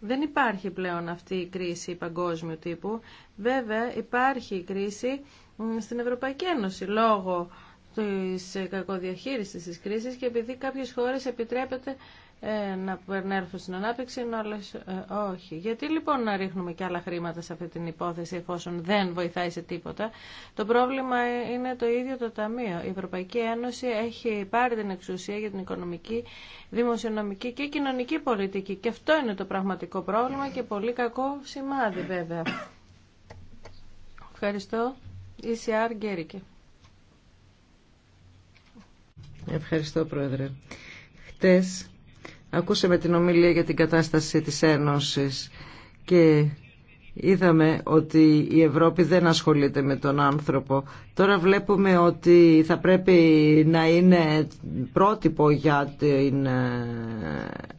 δεν υπάρχει πλέον αυτή η κρίση παγκόσμιου τύπου. Βέβαια υπάρχει η κρίση στην Ευρωπαϊκή Ένωση λόγω της κακοδιαχείρισης της κρίσης και επειδή κάποιες χώρες επιτρέπεται ε, να περνέρθουν στην ανάπτυξη, ενώ όλες ε, όχι. Γιατί λοιπόν να ρίχνουμε και άλλα χρήματα σε αυτή την υπόθεση εφόσον δεν βοηθάει σε τίποτα. Το πρόβλημα είναι το ίδιο το Ταμείο. Η Ευρωπαϊκή Ένωση έχει πάρει την εξουσία για την οικονομική, δημοσιονομική και κοινωνική πολιτική. Και αυτό είναι το πραγματικό πρόβλημα και πολύ κακό σημάδι βέβαια. Ευχαριστώ. Γκέρικε. Ευχαριστώ Πρόεδρε. Χτες Ακούσαμε την ομιλία για την κατάσταση της Ένωσης και είδαμε ότι η Ευρώπη δεν ασχολείται με τον άνθρωπο. Τώρα βλέπουμε ότι θα πρέπει να είναι πρότυπο για την ε,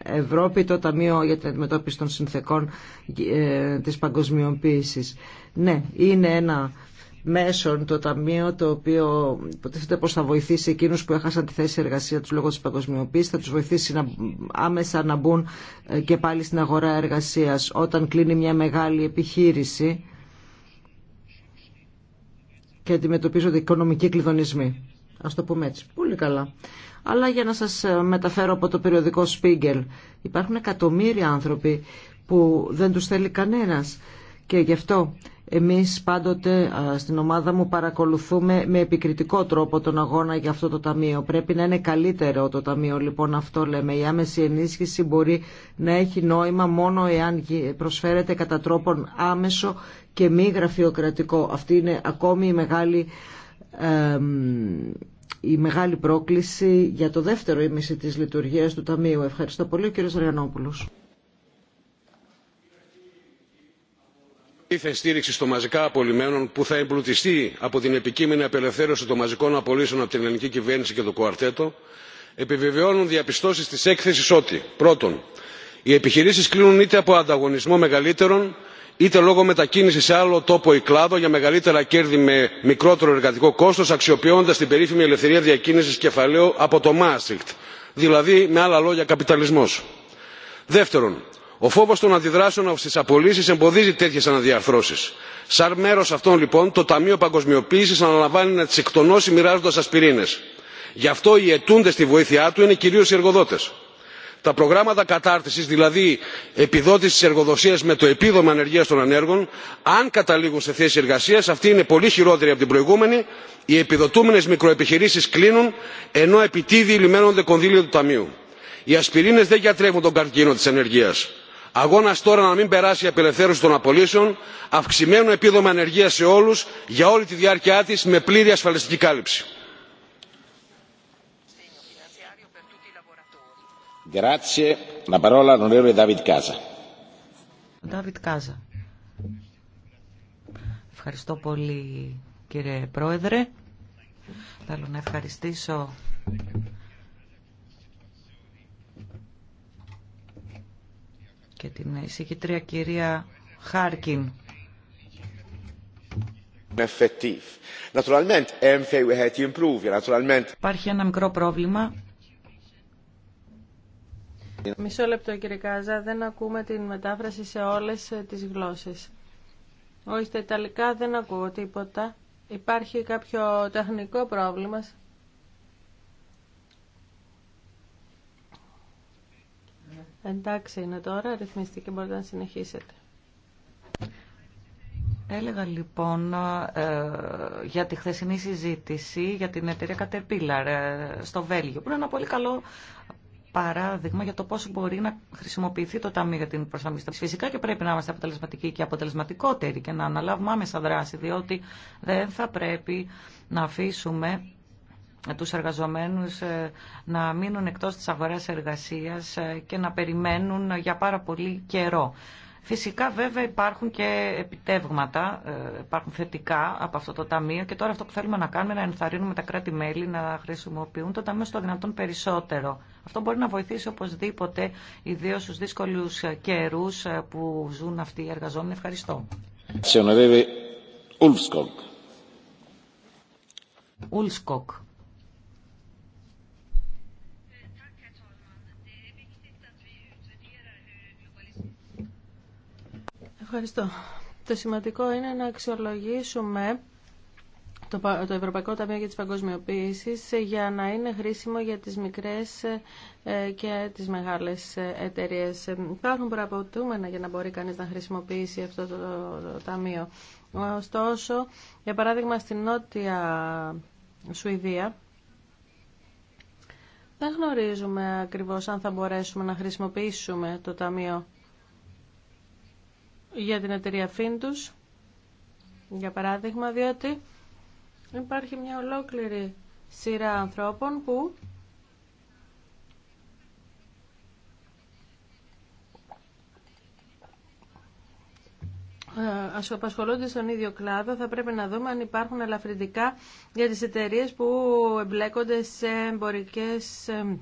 Ευρώπη το Ταμείο για την Αντιμετώπιση των Συνθεκών ε, της Παγκοσμιοποίησης. Ναι, είναι ένα μέσων το Ταμείο το οποίο υποτίθεται πως θα βοηθήσει εκείνους που έχασαν τη θέση εργασία τους λόγω της παγκοσμιοποίησης θα τους βοηθήσει να, άμεσα να μπουν ε, και πάλι στην αγορά εργασίας όταν κλείνει μια μεγάλη επιχείρηση και αντιμετωπίζονται οικονομικοί κλειδονισμοί. Ας το πούμε έτσι. Πολύ καλά. Αλλά για να σας ε, μεταφέρω από το περιοδικό Spiegel. Υπάρχουν εκατομμύρια άνθρωποι που δεν τους θέλει κανένας. Και γι' αυτό εμείς πάντοτε στην ομάδα μου παρακολουθούμε με επικριτικό τρόπο τον αγώνα για αυτό το ταμείο. Πρέπει να είναι καλύτερο το ταμείο λοιπόν αυτό λέμε. Η άμεση ενίσχυση μπορεί να έχει νόημα μόνο εάν προσφέρεται κατά τρόπον άμεσο και μη γραφειοκρατικό. Αυτή είναι ακόμη η μεγάλη η μεγάλη πρόκληση για το δεύτερο ήμιση της λειτουργίας του Ταμείου. Ευχαριστώ πολύ, κύριε Ραγανόπουλος. Η στήριξη των μαζικά απολυμμένων που θα εμπλουτιστεί από την επικείμενη απελευθέρωση των μαζικών απολύσεων από την ελληνική κυβέρνηση και το κουαρτέτο επιβεβαιώνουν διαπιστώσει τη έκθεση ότι πρώτον οι επιχειρήσεις κλείνουν είτε από ανταγωνισμό μεγαλύτερων είτε λόγω μετακίνησης σε άλλο τόπο ή κλάδο για μεγαλύτερα κέρδη με μικρότερο εργατικό κόστος αξιοποιώντας την περίφημη ελευθερία διακίνησης κεφαλαίου από το μάστριχτ δηλαδή με άλλα λόγια καπιταλισμό. δεύτερον ο φόβος των αντιδράσεων στις απολύσεις εμποδίζει τέτοιες αναδιαρθρώσεις. σαν μέρος αυτών λοιπόν το ταμείο παγκοσμιοποίησης αναλαμβάνει να τις εκτονώσει μοιράζοντας ασπιρίνες. γι' αυτό οι αιτούντες στη βοήθειά του είναι κυρίως οι εργοδότες. τα προγράμματα κατάρτισης δηλαδή επιδότηση της εργοδοσίας με το επίδομα ανεργίας των ανέργων αν καταλήγουν σε θέση εργασίας αυτή είναι πολύ χειρότερη από την προηγούμενη οι επιδοτούμενες μικροεπιχειρήσεις κλείνουν ενώ επιτίδη λιμένονται κονδύλια του ταμείου. οι ασπιρίνες δεν γιατρεύουν τον καρκίνο της ανεργίας αγώνα τώρα να μην περάσει η απελευθέρωση των απολύσεων αυξημένο επίδομα ενεργείας σε όλου για όλη τη διάρκεια τη με πλήρη ασφαλιστική κάλυψη. Ευχαριστώ πολύ κύριε Πρόεδρε. Θέλω να ευχαριστήσω και την εισηγητρία κυρία Χάρκιν. Υπάρχει ένα μικρό πρόβλημα. Μισό λεπτό κύριε Κάζα, δεν ακούμε την μετάφραση σε όλες ε, τις γλώσσες. Όχι, στα Ιταλικά δεν ακούω τίποτα. Υπάρχει κάποιο τεχνικό πρόβλημα. Εντάξει είναι τώρα, ρυθμιστεί και μπορείτε να συνεχίσετε. Έλεγα λοιπόν ε, για τη χθεσινή συζήτηση για την εταιρεία Caterpillar ε, στο Βέλγιο, που είναι ένα πολύ καλό παράδειγμα για το πόσο μπορεί να χρησιμοποιηθεί το Ταμείο για την Προσαρμογή. Φυσικά και πρέπει να είμαστε αποτελεσματικοί και αποτελεσματικότεροι και να αναλάβουμε άμεσα δράση, διότι δεν θα πρέπει να αφήσουμε ε, τους εργαζομένους ε, να μείνουν εκτός της αγοράς εργασίας ε, και να περιμένουν για πάρα πολύ καιρό. Φυσικά βέβαια υπάρχουν και επιτεύγματα, υπάρχουν θετικά από αυτό το ταμείο και τώρα αυτό που θέλουμε να κάνουμε είναι να ενθαρρύνουμε τα κράτη-μέλη να χρησιμοποιούν το ταμείο στο δυνατόν περισσότερο. Αυτό μπορεί να βοηθήσει οπωσδήποτε, ιδίω στους δύσκολους καιρού που ζουν αυτοί οι εργαζόμενοι. Ευχαριστώ. Ουλσκοκ. Το σημαντικό είναι να αξιολογήσουμε το, Ευρωπαϊκό Ταμείο για τις Παγκοσμιοποίησεις για να είναι χρήσιμο για τις μικρές ε, και τις μεγάλες ε, εταιρείες. Υπάρχουν προαποτούμενα για να μπορεί κανείς να χρησιμοποιήσει αυτό το, ταμείο. Ωστόσο, για παράδειγμα στην Νότια Σουηδία, δεν γνωρίζουμε ακριβώς αν θα μπορέσουμε να χρησιμοποιήσουμε το ταμείο για την εταιρεία Findus, για παράδειγμα, διότι υπάρχει μια ολόκληρη σειρά ανθρώπων που ε, απασχολούνται στον ίδιο κλάδο, θα πρέπει να δούμε αν υπάρχουν ελαφρυντικά για τις εταιρείες που εμπλέκονται σε εμπορικές ε,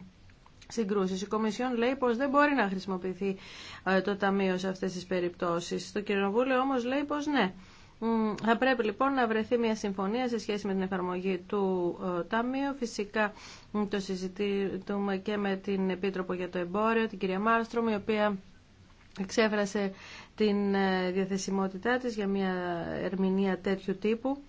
συγκρούσεις. Η Κομισιόν λέει πως δεν μπορεί να χρησιμοποιηθεί ε, το Ταμείο σε αυτές τις περιπτώσεις. Το Κοινοβούλιο όμως λέει πως ναι. Θα πρέπει λοιπόν να βρεθεί μια συμφωνία σε σχέση με την εφαρμογή του ε, Ταμείου. Φυσικά το συζητούμε και με την Επίτροπο για το Εμπόριο, την κυρία Μάρστρομ, η οποία εξέφρασε την ε, διαθεσιμότητά της για μια ερμηνεία τέτοιου τύπου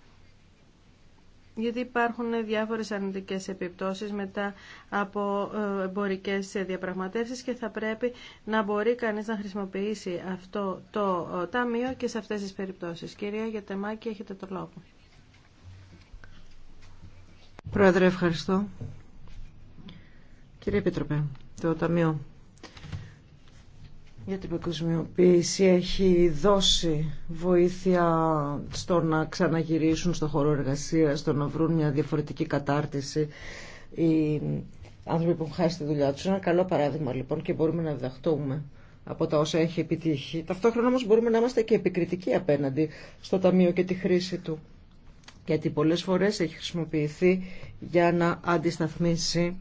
γιατί υπάρχουν διάφορες αρνητικές επιπτώσεις μετά από ε, εμπορικές διαπραγματεύσεις και θα πρέπει να μπορεί κανείς να χρησιμοποιήσει αυτό το ε, ταμείο και σε αυτές τις περιπτώσεις. Κυρία Γιατεμάκη, έχετε το λόγο. Πρόεδρε, ευχαριστώ. Κύριε Επίτροπε, το Ταμείο για την παγκοσμιοποίηση έχει δώσει βοήθεια στο να ξαναγυρίσουν στο χώρο εργασίας, στο να βρουν μια διαφορετική κατάρτιση οι άνθρωποι που έχουν χάσει τη δουλειά τους. Είναι ένα καλό παράδειγμα λοιπόν και μπορούμε να διδαχτούμε από τα όσα έχει επιτύχει. Ταυτόχρονα όμως μπορούμε να είμαστε και επικριτικοί απέναντι στο Ταμείο και τη χρήση του. Γιατί πολλές φορές έχει χρησιμοποιηθεί για να αντισταθμίσει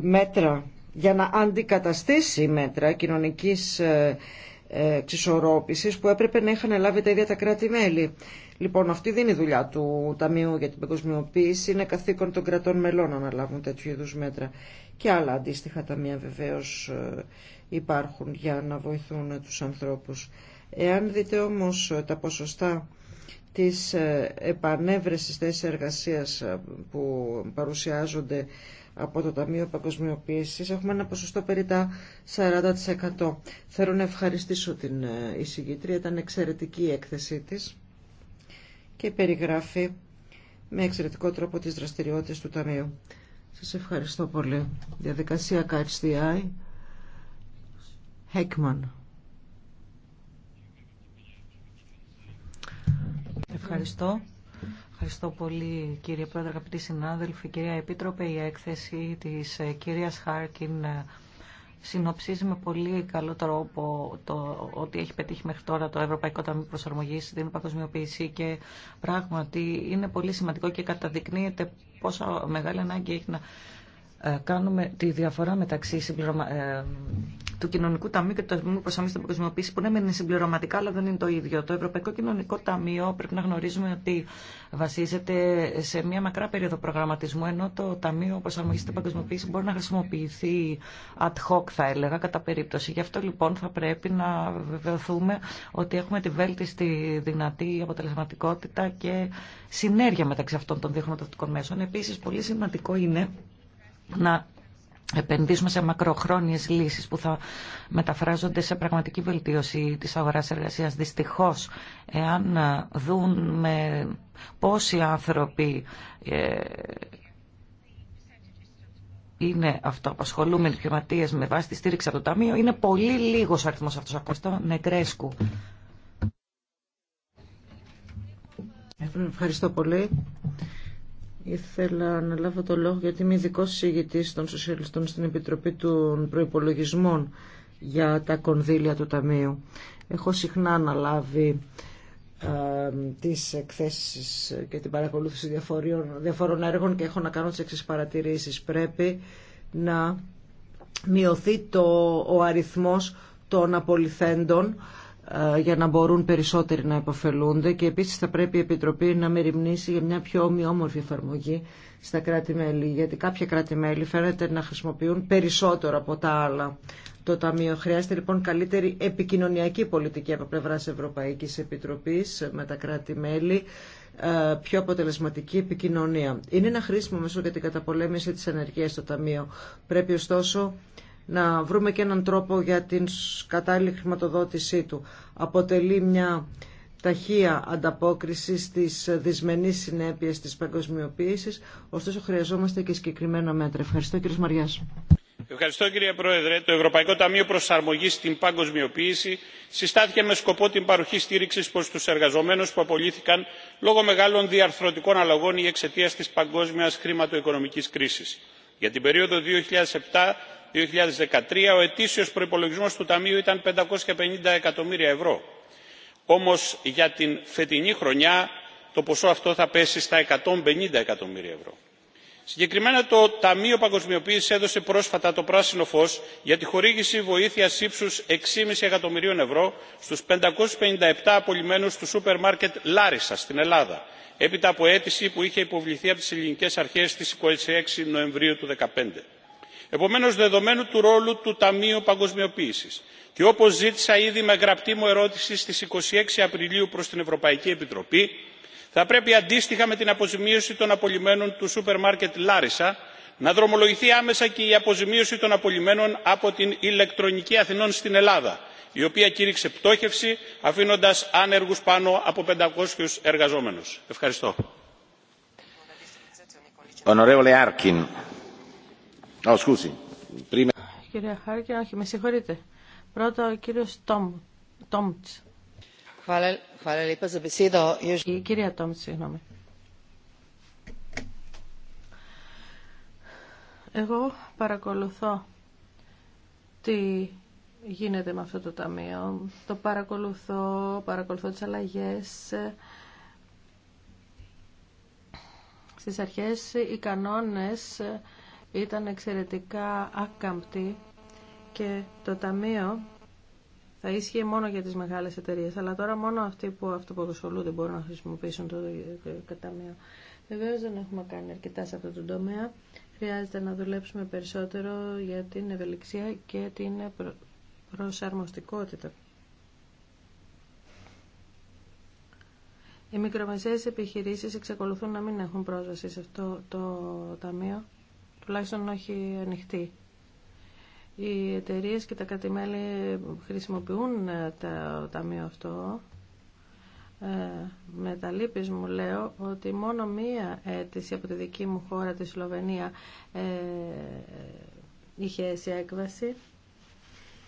μέτρα για να αντικαταστήσει μέτρα κοινωνικής ε, ε, εξισορρόπησης που έπρεπε να είχαν λάβει τα ίδια τα κράτη-μέλη. Λοιπόν, αυτή δεν είναι η δουλειά του Ταμείου για την Παγκοσμιοποίηση, είναι καθήκον των κρατών μελών να αναλάβουν τέτοιου είδου μέτρα. Και άλλα αντίστοιχα ταμεία βεβαίω ε, υπάρχουν για να βοηθούν του ανθρώπου. Εάν δείτε όμω τα ποσοστά της επανέβρεσης θέσης εργασίας που παρουσιάζονται από το Ταμείο Παγκοσμιοποίησης έχουμε ένα ποσοστό περί τα 40%. Θέλω να ευχαριστήσω την ε, εισηγήτρια, ήταν εξαιρετική η έκθεσή της και περιγράφει με εξαιρετικό τρόπο τις δραστηριότητες του Ταμείου. Σας ευχαριστώ πολύ. Διαδικασία Catch Heckman. Ευχαριστώ. Ευχαριστώ πολύ κύριε Πρόεδρε, αγαπητοί συνάδελφοι, κυρία Επίτροπε. Η έκθεση της ε, κυρίας Χάρκιν ε, συνοψίζει με πολύ καλό τρόπο το ότι έχει πετύχει μέχρι τώρα το Ευρωπαϊκό Ταμείο Προσαρμογή την παγκοσμιοποίηση και πράγματι είναι πολύ σημαντικό και καταδεικνύεται πόσο μεγάλη ανάγκη έχει να ε, κάνουμε τη διαφορά μεταξύ συμπληρωμα του Κοινωνικού Ταμείου και του Ταμείου Προσαρμογή στην Παγκοσμιοποίηση, που ναι, είναι συμπληρωματικά, αλλά δεν είναι το ίδιο. Το Ευρωπαϊκό Κοινωνικό Ταμείο πρέπει να γνωρίζουμε ότι βασίζεται σε μια μακρά περίοδο προγραμματισμού, ενώ το Ταμείο Προσαρμογή στην Παγκοσμιοποίηση μπορεί να χρησιμοποιηθεί ad hoc, θα έλεγα, κατά περίπτωση. Γι' αυτό λοιπόν θα πρέπει να βεβαιωθούμε ότι έχουμε τη βέλτιστη δυνατή αποτελεσματικότητα και συνέργεια μεταξύ αυτών των δύο μέσων. Επίση, πολύ σημαντικό είναι να επενδύσουμε σε μακροχρόνιες λύσεις που θα μεταφράζονται σε πραγματική βελτίωση της αγοράς εργασίας. Δυστυχώς, εάν δούμε πόσοι άνθρωποι ε, είναι αυτοαπασχολούμενοι επιχειρηματίε με βάση τη στήριξη από το Ταμείο, είναι πολύ λίγος ο αριθμός αυτός ακόμα. Νεκρέσκου. Ευχαριστώ πολύ. Ήθελα να λάβω το λόγο γιατί είμαι ειδικό συζητητή των Σοσιαλιστών στην Επιτροπή των Προπολογισμών για τα κονδύλια του Ταμείου. Έχω συχνά αναλάβει ε, τις εκθέσεις και την παρακολούθηση διαφόρων διαφορών έργων και έχω να κάνω τις εξής παρατηρήσεις. Πρέπει να μειωθεί το, ο αριθμός των απολυθέντων ε, για να μπορούν περισσότεροι να υποφελούνται και επίσης θα πρέπει η Επιτροπή να μεριμνήσει για μια πιο ομοιόμορφη εφαρμογή στα κράτη-μέλη γιατί κάποια κράτη-μέλη φαίνεται να χρησιμοποιούν περισσότερο από τα άλλα το Ταμείο. Χρειάζεται λοιπόν καλύτερη επικοινωνιακή πολιτική από πλευρά Ευρωπαϊκής Επιτροπής με τα κράτη-μέλη ε, πιο αποτελεσματική επικοινωνία. Είναι ένα χρήσιμο μέσο για την καταπολέμηση της ανεργία στο Ταμείο. Πρέπει ωστόσο να βρούμε και έναν τρόπο για την κατάλληλη χρηματοδότησή του. Αποτελεί μια ταχεία ανταπόκριση στις δυσμενείς συνέπειες της παγκοσμιοποίησης, ωστόσο χρειαζόμαστε και συγκεκριμένα μέτρα. Ευχαριστώ κύριε Μαριάς. Ευχαριστώ κύριε Πρόεδρε. Το Ευρωπαϊκό Ταμείο Προσαρμογής στην Παγκοσμιοποίηση συστάθηκε με σκοπό την παροχή στήριξης προς τους εργαζομένους που απολύθηκαν λόγω μεγάλων διαρθρωτικών αλλαγών ή εξαιτίας της παγκόσμιας χρηματοοικονομικής κρίσης. Για την περίοδο 2013 ο ετήσιος προϋπολογισμός του Ταμείου ήταν 550 εκατομμύρια ευρώ. Όμως για την φετινή χρονιά το ποσό αυτό θα πέσει στα 150 εκατομμύρια ευρώ. Συγκεκριμένα το Ταμείο Παγκοσμιοποίησης έδωσε πρόσφατα το πράσινο φως για τη χορήγηση βοήθειας ύψους 6,5 εκατομμυρίων ευρώ στους 557 απολυμμένους του σούπερ μάρκετ Λάρισα στην Ελλάδα, έπειτα από αίτηση που είχε υποβληθεί από τις ελληνικές αρχές στις 26 Νοεμβρίου του 2015 επομένως δεδομένου του ρόλου του ταμείου παγκοσμιοποίησης και όπως ζήτησα ήδη με γραπτή μου ερώτηση στις 26 Απριλίου προς την Ευρωπαϊκή Επιτροπή θα πρέπει αντίστοιχα με την αποζημίωση των απολυμμένων του σούπερ μάρκετ Λάρισα να δρομολογηθεί άμεσα και η αποζημίωση των απολυμένων από την ηλεκτρονική Αθηνών στην Ελλάδα η οποία κήρυξε πτώχευση αφήνοντας άνεργους πάνω από 500 εργαζόμενους. Ευχαριστώ. Κυρία Χάρκη, όχι, με συγχωρείτε. Πρώτα ο κύριος Τόμτ. Τόμτς. Η κυρία Τόμτς, συγγνώμη. Εγώ παρακολουθώ τι γίνεται με αυτό το ταμείο. Το παρακολουθώ, παρακολουθώ τις αλλαγές. Στις αρχές οι κανόνες ήταν εξαιρετικά άκαμπτη και το ταμείο θα ίσχυε μόνο για τις μεγάλες εταιρείες, αλλά τώρα μόνο αυτοί που αυτοποδοσολούνται μπορούν να χρησιμοποιήσουν το ταμείο. Βεβαίως δεν έχουμε κάνει αρκετά σε αυτό το τομέα. Χρειάζεται να δουλέψουμε περισσότερο για την ευελιξία και την προσαρμοστικότητα. Οι μικρομεσαίες επιχειρήσεις εξακολουθούν να μην έχουν πρόσβαση σε αυτό το ταμείο τουλάχιστον όχι ανοιχτή. Οι εταιρείε και τα κατημέλη χρησιμοποιούν ε, το ταμείο αυτό. Ε, με τα λύπης μου λέω ότι μόνο μία αίτηση από τη δική μου χώρα, τη Σλοβενία, ε, ε, είχε αίσια έκβαση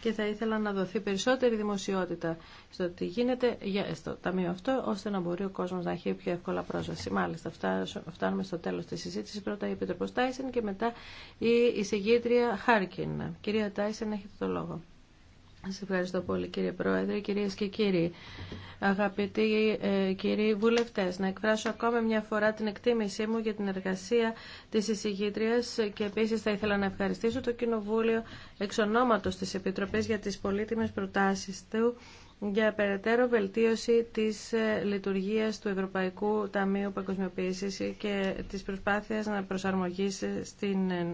και θα ήθελα να δοθεί περισσότερη δημοσιότητα στο τι γίνεται στο ταμείο αυτό, ώστε να μπορεί ο κόσμο να έχει πιο εύκολα πρόσβαση. Μάλιστα, φτάνουμε στο τέλος της συζήτηση. Πρώτα η Επιτροπός Τάισεν και μετά η εισηγήτρια Χάρκιν. Κυρία Τάισεν, έχετε το λόγο. Σας ευχαριστώ πολύ κύριε Πρόεδρε, κυρίες και κύριοι. Αγαπητοί ε, κύριοι βουλευτές, να εκφράσω ακόμη μια φορά την εκτίμησή μου για την εργασία της εισηγήτριας και επίσης θα ήθελα να ευχαριστήσω το Κοινοβούλιο εξ ονόματος της Επιτροπής για τις πολύτιμες προτάσεις του για περαιτέρω βελτίωση της ε, λειτουργίας του Ευρωπαϊκού Ταμείου Παγκοσμιοποίησης και της προσπάθειας να προσαρμογήσει στην ε,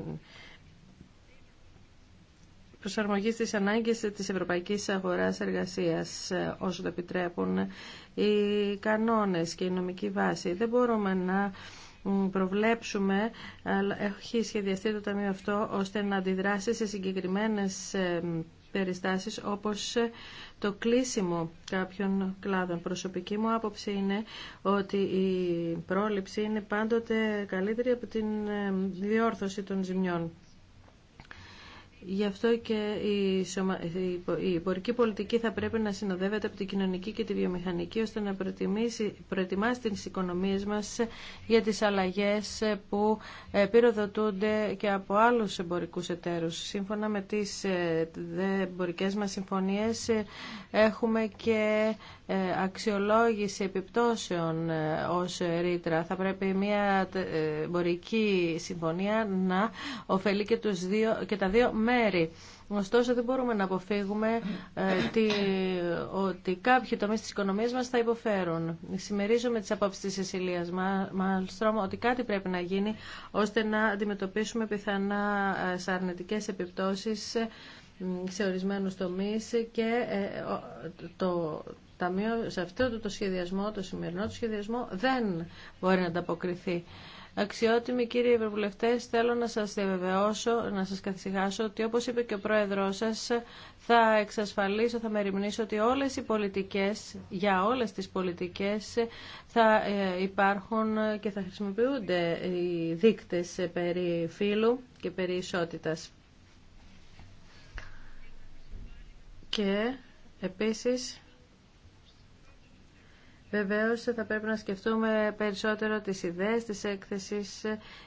προσαρμογή στις ανάγκες της ευρωπαϊκής αγοράς εργασίας ε, όσο το επιτρέπουν οι κανόνες και η νομική βάση. Δεν μπορούμε να προβλέψουμε, αλλά έχει σχεδιαστεί το Ταμείο αυτό, ώστε να αντιδράσει σε συγκεκριμένες ε, περιστάσεις όπως ε, το κλείσιμο κάποιων κλάδων. Προσωπική μου άποψη είναι ότι η πρόληψη είναι πάντοτε καλύτερη από την διόρθωση των ζημιών. Γι' αυτό και η εμπορική πολιτική θα πρέπει να συνοδεύεται από την κοινωνική και τη βιομηχανική ώστε να προετοιμάσει τις οικονομίες μας για τις αλλαγές που ε, πυροδοτούνται και από άλλους εμπορικούς εταίρους. Σύμφωνα με τις ε, εμπορικέ μας συμφωνίες ε, έχουμε και αξιολόγηση επιπτώσεων ως ρήτρα. Θα πρέπει μια εμπορική συμφωνία να ωφελεί και, τους δύο, τα δύο μέρη. Ωστόσο δεν μπορούμε να αποφύγουμε ε, ότι κάποιοι τομείς της οικονομίας μα θα υποφέρουν. Συμμερίζομαι τις απόψει τη Εσυλία Μάλστρομ ότι κάτι πρέπει να γίνει ώστε να αντιμετωπίσουμε πιθανά ε, σε αρνητικές επιπτώσεις ε, σε ορισμένου τομείς και το ταμείο σε αυτό το σχεδιασμό, το σημερινό σχεδιασμό δεν μπορεί να ανταποκριθεί. Αξιότιμοι κύριοι Ευρωβουλευτέ, θέλω να σας διαβεβαιώσω, να σα καθησυχάσω ότι όπως είπε και ο Πρόεδρός σα, θα εξασφαλίσω, θα μεριμνήσω ότι όλες οι πολιτικές, για όλες τις πολιτικές θα ε, υπάρχουν και θα χρησιμοποιούνται οι δείκτε περί φύλου και περί ισότητα. Και επίσης Βεβαίως θα πρέπει να σκεφτούμε περισσότερο τις ιδέες της έκθεσης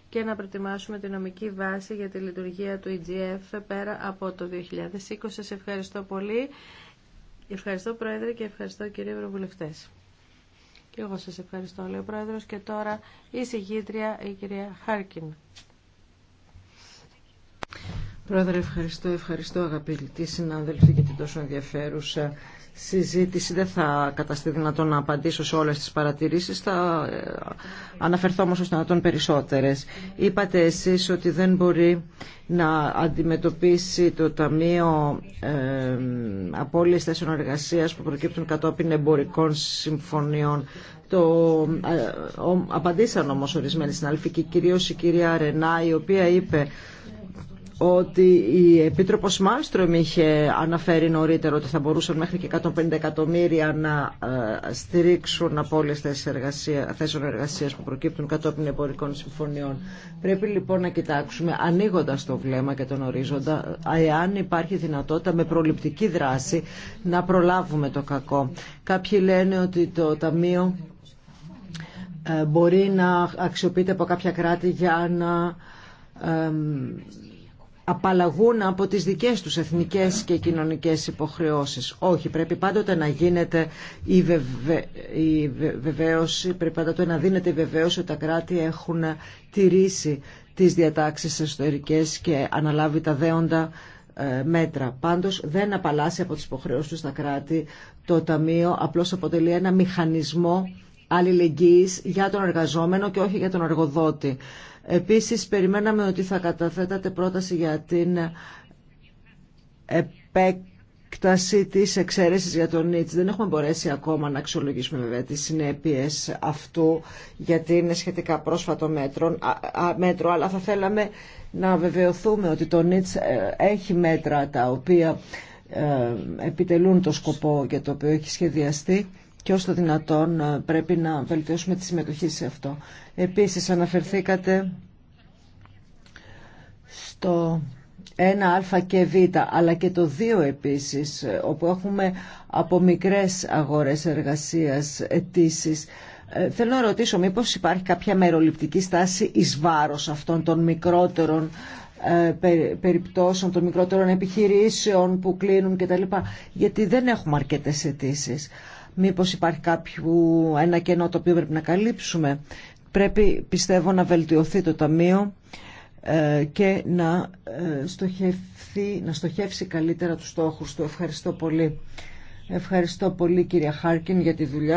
και να προετοιμάσουμε τη νομική βάση για τη λειτουργία του EGF πέρα από το 2020. Σας ευχαριστώ πολύ. Ευχαριστώ Πρόεδρε και ευχαριστώ κύριε Ευρωβουλευτές. Και εγώ σας ευχαριστώ, λέει ο Πρόεδρος. Και τώρα η συγγήτρια, η κυρία Χάρκιν. Πρόεδρε, ευχαριστώ, ευχαριστώ αγαπητοί συνάδελφοι για την τόσο ενδιαφέρουσα συζήτηση δεν θα καταστεί δυνατόν να απαντήσω σε όλες τις παρατηρήσεις θα ε, αναφερθώ όμως ως δυνατόν περισσότερες είπατε εσείς ότι δεν μπορεί να αντιμετωπίσει το Ταμείο ε, Απόλυης Θέσεων που προκύπτουν κατόπιν εμπορικών συμφωνιών το, ε, απαντήσαν όμως ορισμένοι συνάλφοι κυρίως η κυρία Ρενά η οποία είπε ότι η Επίτροπος Μάλστρομ είχε αναφέρει νωρίτερα ότι θα μπορούσαν μέχρι και 150 εκατομμύρια να ε, στηρίξουν τις θέσεων εργασίας που προκύπτουν κατόπιν εμπορικών συμφωνιών. Πρέπει λοιπόν να κοιτάξουμε ανοίγοντα το βλέμμα και τον ορίζοντα εάν υπάρχει δυνατότητα με προληπτική δράση να προλάβουμε το κακό. Κάποιοι λένε ότι το Ταμείο ε, μπορεί να αξιοποιείται από κάποια κράτη για να ε, απαλλαγούν από τις δικές τους εθνικές και κοινωνικές υποχρεώσεις. Όχι, πρέπει πάντοτε να γίνεται η, βεβαίωση, πρέπει πάντοτε να δίνεται η βεβαίωση ότι τα κράτη έχουν τηρήσει τις διατάξεις εσωτερικές και αναλάβει τα δέοντα ε, μέτρα. Πάντως δεν απαλλάσσει από τις υποχρεώσεις του στα κράτη το Ταμείο, απλώς αποτελεί ένα μηχανισμό αλληλεγγύης για τον εργαζόμενο και όχι για τον εργοδότη. Επίσης περιμέναμε ότι θα καταθέτατε πρόταση για την επέκταση της εξαίρεσης για τον ΝΙΤΣ. Δεν έχουμε μπορέσει ακόμα να αξιολογήσουμε βέβαια τις συνέπειες αυτού γιατί είναι σχετικά πρόσφατο μέτρο, μέτρο αλλά θα θέλαμε να βεβαιωθούμε ότι το ΝΙΤΣ ε, έχει μέτρα τα οποία ε, επιτελούν το σκοπό για το οποίο έχει σχεδιαστεί και όσο δυνατόν ε, πρέπει να βελτιώσουμε τη συμμετοχή σε αυτό. Επίσης αναφερθήκατε στο 1α και β, αλλά και το 2 επίσης, ε, όπου έχουμε από μικρές αγορές εργασίας αιτήσει. Ε, θέλω να ρωτήσω μήπως υπάρχει κάποια μεροληπτική στάση εις βάρος αυτών των μικρότερων περιπτώσεων, των μικρότερων επιχειρήσεων που κλείνουν κτλ. Γιατί δεν έχουμε αρκετές αιτήσει μήπως υπάρχει κάποιο ένα κενό το οποίο πρέπει να καλύψουμε. Πρέπει πιστεύω να βελτιωθεί το Ταμείο ε, και να, ε, να στοχεύσει καλύτερα τους στόχους του. Ευχαριστώ πολύ. Ευχαριστώ πολύ κυρία Χάρκιν για τη δουλειά.